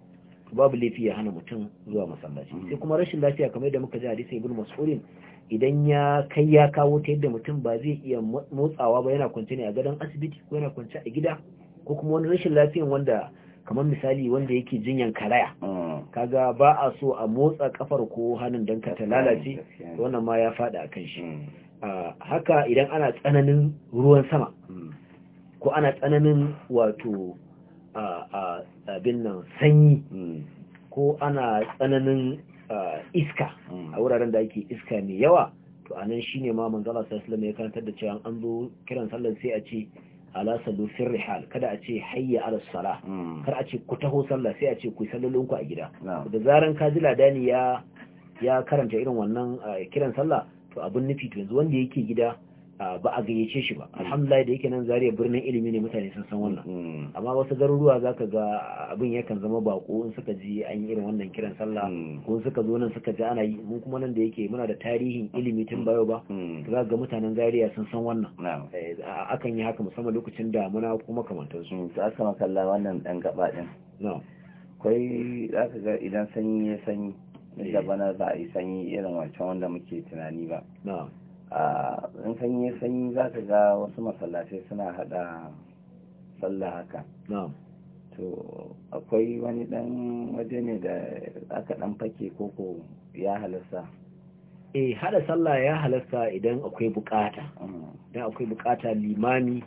babu laifi ya hana mutum zuwa masallaci mm-hmm. sai kuma rashin lafiya kamar yadda muka ji hadisi ibn mas'udin idan ya kai ya kawo ta yadda mutum ba zai iya motsawa ba yana kwance ne a gadon asibiti ko yana kwance a gida ko kuma wani rashin lafiyan wanda kamar misali wanda yake jinyan karaya ah. kaga ba a so a motsa kafar ko hannun don ta lalace wannan ma ya fada a kan shi hmm. ah, haka idan ana tsananin ruwan sama hmm. ko ana tsananin wato ah, abin nan sanyi hmm. ko ana tsananin iska a wuraren da ake iska mai yawa to anan shine ma manzala sallallahu alaihi wasallam ya karantar da cewa an zo kiran sallar sai a ce ala sallu rihal kada a ce hayya ala sala hmm. kar a ce ku taho sallah sai a ce ku sallolin ku a gida da zaran ka ji ladani ya ya karanta irin wannan eh, kiran sallah to abun nufi to yanzu wanda yake gida ba a gayyace shi ba alhamdulillah da yake nan zariya birnin ilimi ne mutane sun san wannan mm. amma wasu garuruwa zaka ga abin yakan zama bako in suka ji an yi irin wannan kiran sallah mm. ko suka zo nan suka ji ana yi mu kuma nan da yake muna da tarihin ilimi tun bayo ba mm. za ga mutanen zariya sun san wannan eh, akan yi haka musamman lokacin da muna kuma kamantar su to aka makalla wannan dan gaba din akwai zaka ga idan sanyi ya sanyi da eh. bana ba a yi sanyi irin wancan wanda muke tunani ba in sanyi sanyi za ka ga wasu masallatai suna hada sallah haka to akwai wani dan waje ne da aka dan fake koko ya halasta eh hada sallah ya halasta idan akwai bukata mm. idan akwai bukata limami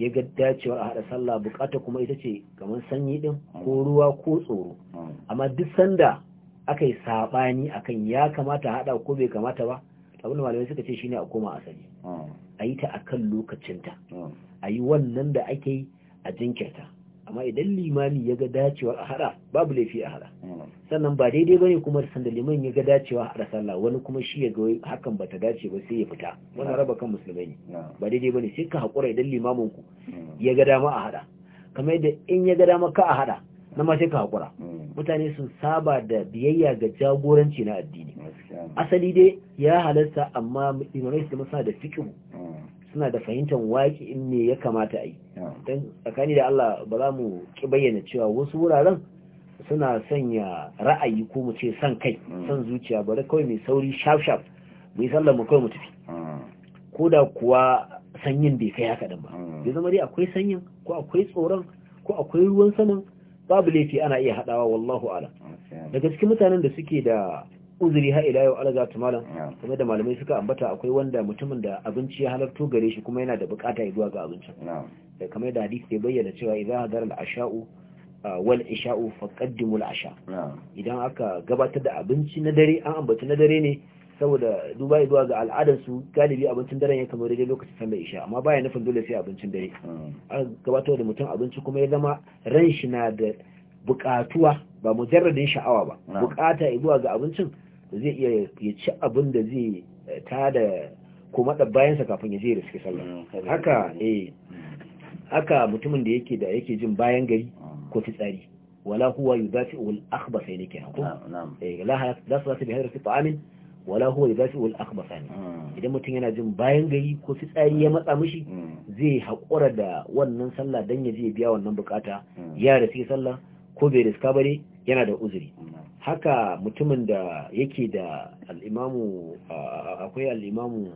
ya ga dacewar a hada sallah bukata kuma ita ce kamar sanyi din ko mm. ruwa ko tsoro mm. amma duk sanda aka yi sabani akan ya kamata hada ko bai kamata ba abin da malamai suka ce shine a koma asali hmm. a yi ta a kan lokacinta hmm. a yi wannan da ake yi a jinkirta amma idan limami ya ga dacewa a hada babu laifi a hada hmm. sannan ba daidai bane kuma sanda liman ya ga dacewa a sallah wani kuma shi ya ga hakan bata dace ba sai ya fita wannan raba kan musulmai ne ba daidai bane sai ka hakura idan limamin ku ya ga dama a hada kamar yadda in ya ga dama ka a hada na ma sai mm. mutane sun saba da biyayya ga jagoranci na addini asali dai ya halarta amma imanai su suna da fiƙin mm. suna da fahimtar waƙi in ne ya kamata a yi don tsakani da Allah ba za mu ki bayyana cewa wasu wuraren suna sanya ra'ayi ko mu ce son kai mm. son zuciya bari kawai mai sauri shaf shaf mu yi sallar mu kawai mu tafi ko da kuwa sanyin bai kai haka ba ya zama dai akwai sanyin ko akwai tsoron ko akwai ruwan saman babu laifi ana iya haɗawa wallahu ala daga cikin mutanen da suke da uzuri ha ila yau alaga ta malam game da malamai suka ambata akwai wanda mutumin da abinci ya halarto gare shi kuma yana da bukata ya zuwa ga abinci da kamar da hadisi ya bayyana cewa idan hadar al-asha'u wal isha'u faqaddimul asha idan aka gabatar da abinci na dare an ambaci na dare ne saboda duba zuwa ga al'adar su galibi abincin dare ya kamar daidai lokacin sallar isha amma baya nufin dole sai abincin dare hmm. an gabatar da mutum abinci kuma ya zama ran shi na da bukatuwa ba mujarradin sha'awa ba bukata zuwa ga abincin zai iya ya ci abin da zai da kuma da bayansa kafin ya je da suke sallar haka eh haka mutumin da yake da yake jin bayan gari hmm. ko fitsari wala huwa yudafi'ul akhbasa yake ko eh la la salata bi hadhihi ta'amin wala huwa yudafi'u al hmm. idan mutum yana jin bayan gari ko fitsari ya matsa mishi hmm. zai haƙura da wannan sallah dan ya je biya wannan bukata hmm. ya rasi sallah ko bai riska bare yana da uzuri haka mutumin da yake da al-imamu akwai al-imamu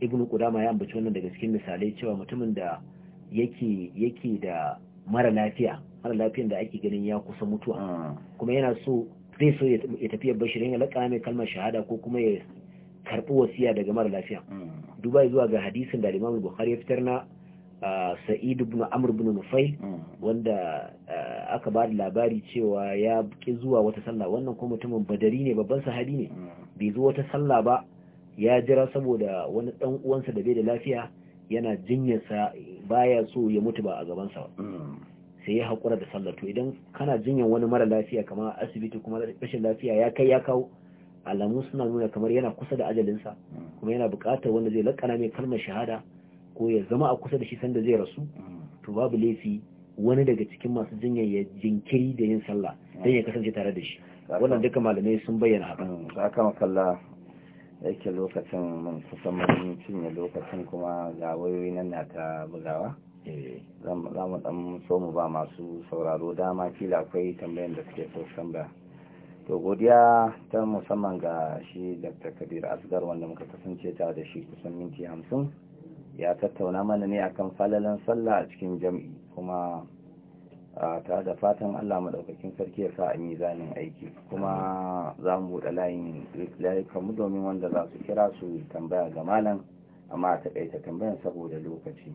ibnu qudama ya ambaci wannan daga cikin misalai cewa mutumin da yake yake da mara lafiya mara lafiyan da ake ganin ya kusa mutuwa kuma yana so zai so ya ya bashirin ya laƙa mai kalmar shahada ko kuma ya karɓi wasiya daga mara lafiya mm. duba zuwa ga hadisin da limamu bukhari ya fitar na sa'idu bin amr bin nufai mm. wanda aka ba da labari cewa ya ƙi zuwa wata sallah wannan kuma mutumin badari ne babban sahabi ne mm. bai zo wata sallah ba ya jira saboda wani ɗan uwansa da bai da lafiya yana jinyarsa baya so ya mutu ba a gabansa ba sai ya haƙura da sallah to idan kana jinyan wani mara lafiya kamar asibiti kuma rashin lafiya ya kai ya kawo alamu suna nuna kamar yana kusa da ajalinsa kuma yana buƙatar wanda zai lakana mai kalmar shahada ko ya zama a kusa da shi sanda zai rasu to babu laifi wani daga cikin masu jinyar ya jinkiri da yin sallah don ya kasance tare da shi wannan duka malamai sun bayyana haka sakamakalla mm, yake lokacin musamman cinye lokacin kuma ga wayoyi nan na ta bugawa Eh, za mu dan so mu ba masu sauraro dama kila akwai tambayan da suke so tambaya to godiya ta musamman ga shi dr kabir asgar wanda muka kasance ta da shi kusan minti hamsin ya tattauna mana ne akan falalan sallah a cikin jam'i kuma ta da fatan allah maɗaukakin sarki ya sa a mizanin aiki kuma za mu buɗe layin layukanmu domin wanda za su kira su tambaya ga malam amma a taƙaita tambayan saboda lokaci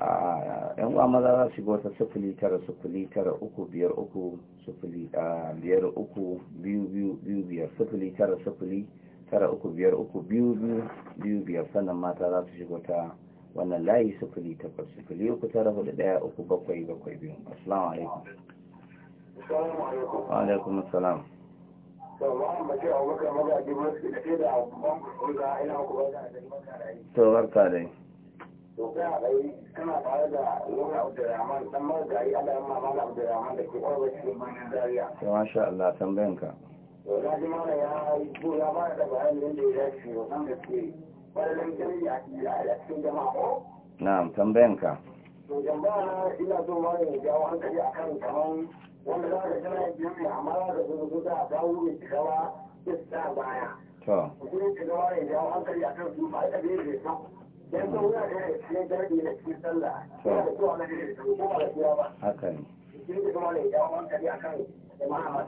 a yan uwa maza za su gota wata sufuli tara sufuli tara uku biyar uku sufuli biyar uku biyu biyu biyu biyar sufuli tara sufuli tara uku biyar uku biyu biyu biyu biyar sannan mata za su shigo ta wannan layi sufuli takwas sufuli uku tara hudu daya uku bakwai bakwai biyu assalamu alaikum wa alaikum assalam to barka dai to kai a gai kana tare da nuna abdurrahman dan marigayi allah yamma mana abdurrahman da ke kwarwa cikin bayan zaria to masha allah tambayanka to na ji mana ya yi ko ya fara da bayanin yadda ya dace wanda ke kwallon jirgi a cikin jama'a na'am tambayanka to jama'a ina so ma ne jawo hankali akan kaman wanda za ka jira biyu amma za ka zo zo da dawo mai shigawa ya sa baya to kuma shigawa ne jawo hankali akan su ba ta bai da haka ne kuma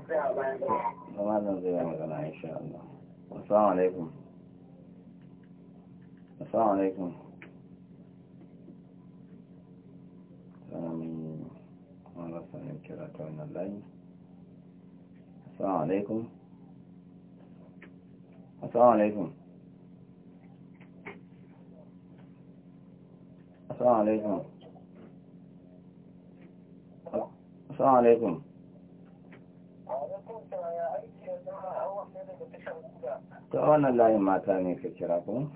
zan zai magana insha Allah assalamu alaikum assalamu alaikum sanamin wanda sanin kira ta wannan layi assalamu alaikum assalamu alaikum Assalamu alaikum. Assalamu alaikum. Ta wannan layin mata ne ka kira ku?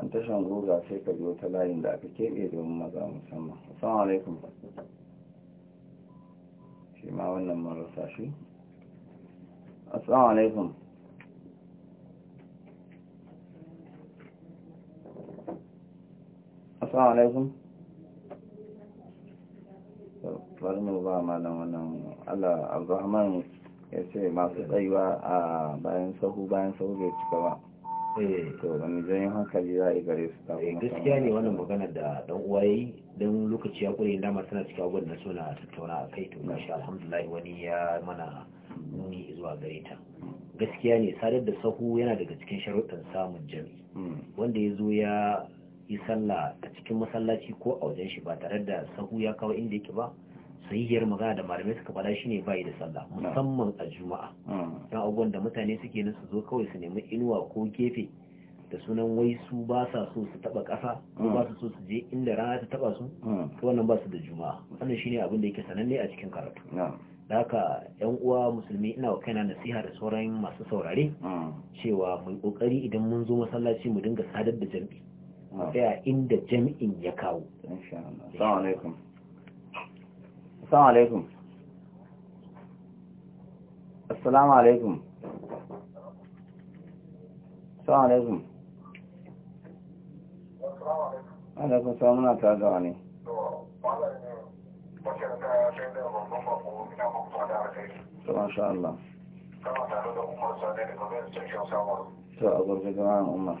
An tashan guga sai ka biyo ta layin da aka keɓe domin maza musamman. Assalamu alaikum. Shi ma wannan marasa shi. Assalamu alaikum. Assalamu alaikum. Bari mu ba wannan Allah Abdulrahman ya ce masu tsayuwa a bayan sahu bayan sahu bai cika ba. Eh. To wani hankali za a yi gare su ta eh, kuma. Gaskiya ne wannan magana da dan uwaye don lokaci ya kure dama tana cikin abubuwan da suna tattauna a kai to gashi mm. alhamdulahi wani ya mana mm. nuni zuwa gare ta. Gaskiya ne sadar da sahu yana daga cikin sharuɗin samun jami'i. Mm. Wanda ya zo ya yi sallah a cikin masallaci ko a wajen shi ba tare da sahu ya kawo inda yake ba sahihiyar magana da malamai suka faɗa shine yi da sallah hmm. musamman a juma'a hmm. dan abubuwan da mutane suke na su zo kawai su nemi inuwa ko gefe da sunan wai su ba sa so su taba ƙasa ko ba su so su je inda rana ta taba su hmm. to wannan ba su da juma'a wannan shine abin da yake sananne a cikin karatu da haka yan uwa musulmi ina wa kaina nasiha da sauran masu saurare cewa mai kokari idan mun zo masallaci mu dinga sadar da jami'i mu inda jami'in ya kawo assalamu alaikum assalamu alaikum assalamu alaikum assalamu alaikum alaikum salamu na ta ne to masha Allah to a gurbe umar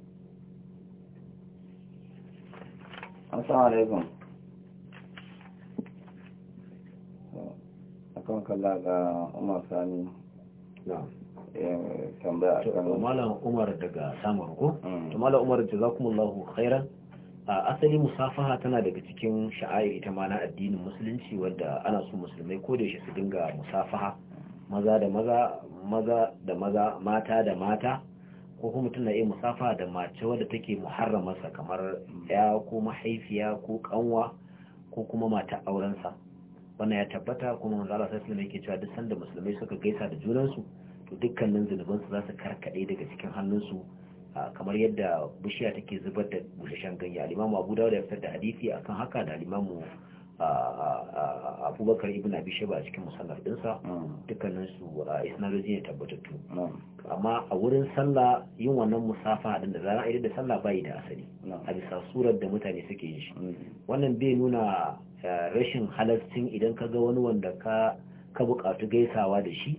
assalamu alaikum akan kalla ga umar sani tambaya umar daga samar ko mm. to umar a asali musafaha tana daga cikin sha'air ita ma na addinin musulunci wadda ana so musulmai ko da su dinga musafaha maza da maza maza da maza mata da mata ko kuma mutum na iya musafa da mace wadda take muharramarsa kamar ya ko mahaifiya ko kanwa ko kuma mata aurensa wannan ya tabbata kuma manzo Allah sallallahu alaihi yake cewa duk sanda musulmai suka gaisa da junansu to dukkanin zunubansu za su karkade daga cikin hannunsu kamar yadda bishiya take zubar da bushashen ganye al-Imam Abu Dawud ya fitar da hadisi akan haka da alimamu. abubakar ibn abi shaba a cikin musallar dinsa mm. dukkanin su isnaloji ne tabbatattu mm. amma a wurin sallah yin wannan musafa din da zara aidar da sallah bai da asali mm. a bisa surar da mutane suke yin wannan bai nuna eh, rashin halastin idan ka ga wani wanda ka ka bukatu gaisawa da shi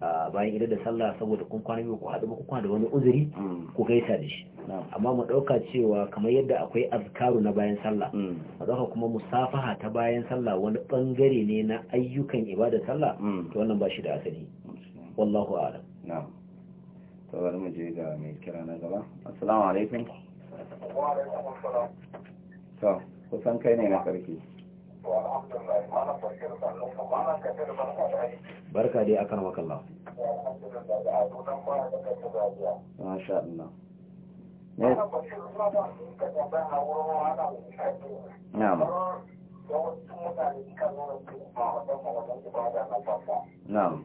bayan idan da sallah saboda kun kwana biyu ku haɗu kuna da wani uzuri mm. ku gaisa da shi amma mu ɗauka cewa kamar yadda akwai azkaru na bayan sallah a mm. ɗauka kuma musafaha ta bayan sallah wani ɓangare ne na ayyukan ibada sallah mm. to wannan ba shi da asali wallahu a'lam na'am to bari mu je ga mai kira na gaba assalamu alaikum to kusan kai ne na karfi barka dai akan makalla na. Allah na'am na'am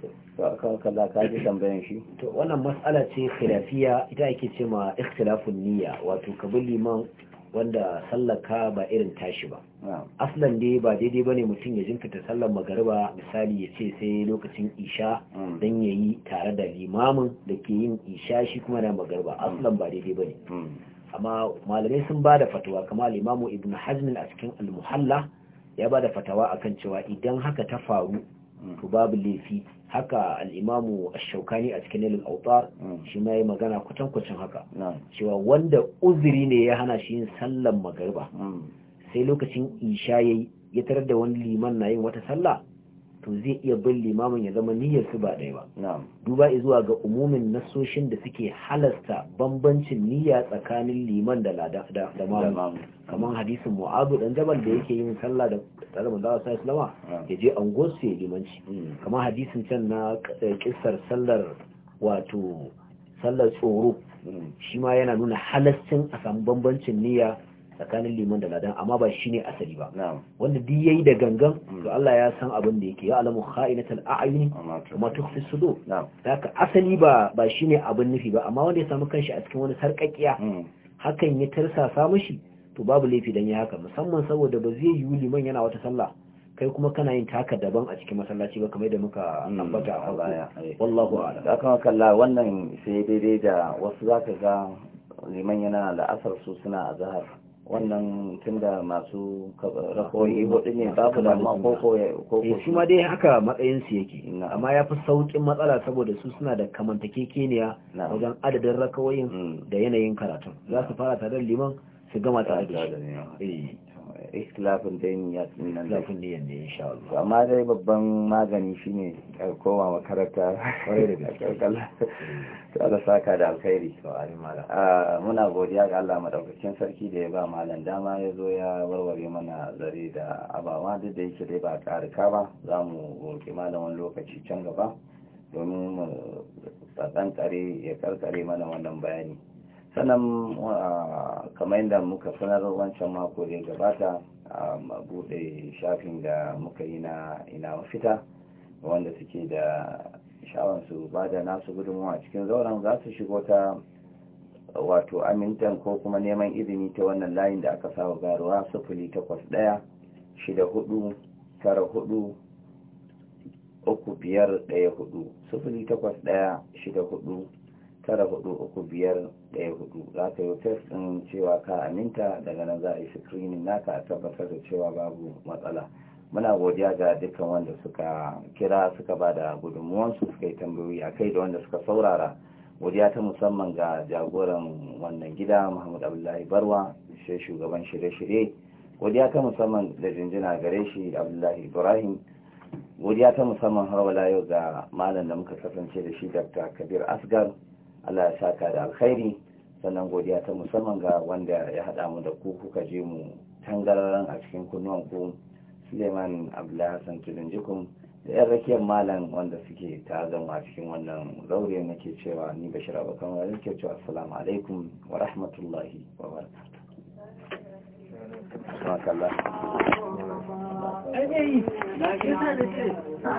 to ka wannan ce khilafiya ita ake ce ma ikhtilafun niyya wato kabul liman wanda sallaka ba irin tashi ba aslan dai ba daidai bane mutum ya jinkirta sallar magariba misali ya ce sai lokacin isha mm. dan yayi tare da limamin da ke yin isha shi kuma da magariba mm. aslan ba daidai bane mm. amma malamai sun ba da fatawa kamar limamu ibnu hajmin a cikin almuhalla ya ba da fatawa akan cewa idan haka ta faru to babu laifi haka al'imamu ashaukani a cikin nilin autar hmm. shi ma yi magana kwatankwacin haka cewa wanda uzuri ne ya hana shi yin sallar magariba hmm. sai lokacin isha ya ya tarar da wani liman na yin wata sallah to zai iya bin limamin ya zama niyyar su ba ɗaya ba duba zuwa ga umumin nasoshin da suke halasta bambancin niyya tsakanin liman da lada da mamu kamar hadisin mu'abu dan jabal da yake yin sallah da tsare manzo Allah sallallahu alaihi ya je ango ya limanci hmm. kamar hadisin can na eh, kisar sallar wato sallar tsoro hmm. shi ma yana nuna halastin a samu bambancin niyya tsakanin liman da ladan amma ba shi ne asali ba wanda duk yayi da gangan mm. to Allah ya san abin da yake ya alamu kha'inatul a'yun kuma tukhfi sudur haka asali ba ba ne abin nufi ba amma wanda ya samu kanshi a cikin wani sarkakiya mm. hakan ya tarsa tarsasa mishi to babu laifi dan ya haka musamman saboda ba zai yiwu liman yana wata sallah kai kuma kana yin taka daban a cikin masallaci ba kamar da muka mm. ambata a baya eh. wallahu a'lam da kuma kalla wannan sai daidai da wasu zaka ga liman yana la'asar su suna azhar wannan tunda masu rakoyi hudu ne babu da ma koko koko eh, shi ma dai haka matsayin su yake amma ya fi saukin matsala saboda su suna da kamantakekeniya wajen adadin rakawoyin mm. da yanayin karatun za su fara tare liman su gama ta adadin ikhtilafin da din nan da ya ne Allah amma dai babban magani shine kowa makaranta kwarai da *laughs* kalkala da saka da alkhairi ah, muna godiya ga Allah maɗaukacin sarki da ya ba malam dama ya zo ya warware mana zare da abawa duk da yake dai ba a karika ba za mu roƙi malam wani lokaci can gaba domin mu tsare ya karkare mana wannan bayani sanan kamar yadda muka sanar wancan mako da gabata a buɗe shafin da muka yi na ina mafita wanda suke da sha'awar su ba da nasu gudunmawa cikin zauren za su shigo ta wato amintan ko kuma neman izini ta wannan layin da aka saba garuwa sufuli takwas ɗaya shida hudu tara hudu uku biyar ɗaya hudu sufuli takwas ɗaya shida hudu tara hudu uku biyar daya hudu za ka yi test din cewa ka aminta daga nan za a yi screening naka a tabbatar da cewa babu matsala muna godiya ga dukkan wanda suka kira suka ba da gudunmuwansu suka yi tambayoyi a kai da wanda suka saurara godiya ta musamman ga jagoran wannan gida muhammad abdullahi barwa shi shugaban shirye-shirye godiya ta musamman da jinjina gare shi abdullahi ibrahim godiya ta musamman har wala yau ga malam da muka kasance da shi dr kabir asgar Allah ya saka da alkhairi sannan godiya ta musamman ga wanda ya haɗa mu da ku kuka je mu tangararren a cikin kunnuwan ku Suleiman Abdullahi Hassan da yan rakiyar malam wanda suke tare da a cikin wannan zaure nake cewa ni Bashir Abakan kamar nake cewa assalamu alaikum wa rahmatullahi wa barakatuh.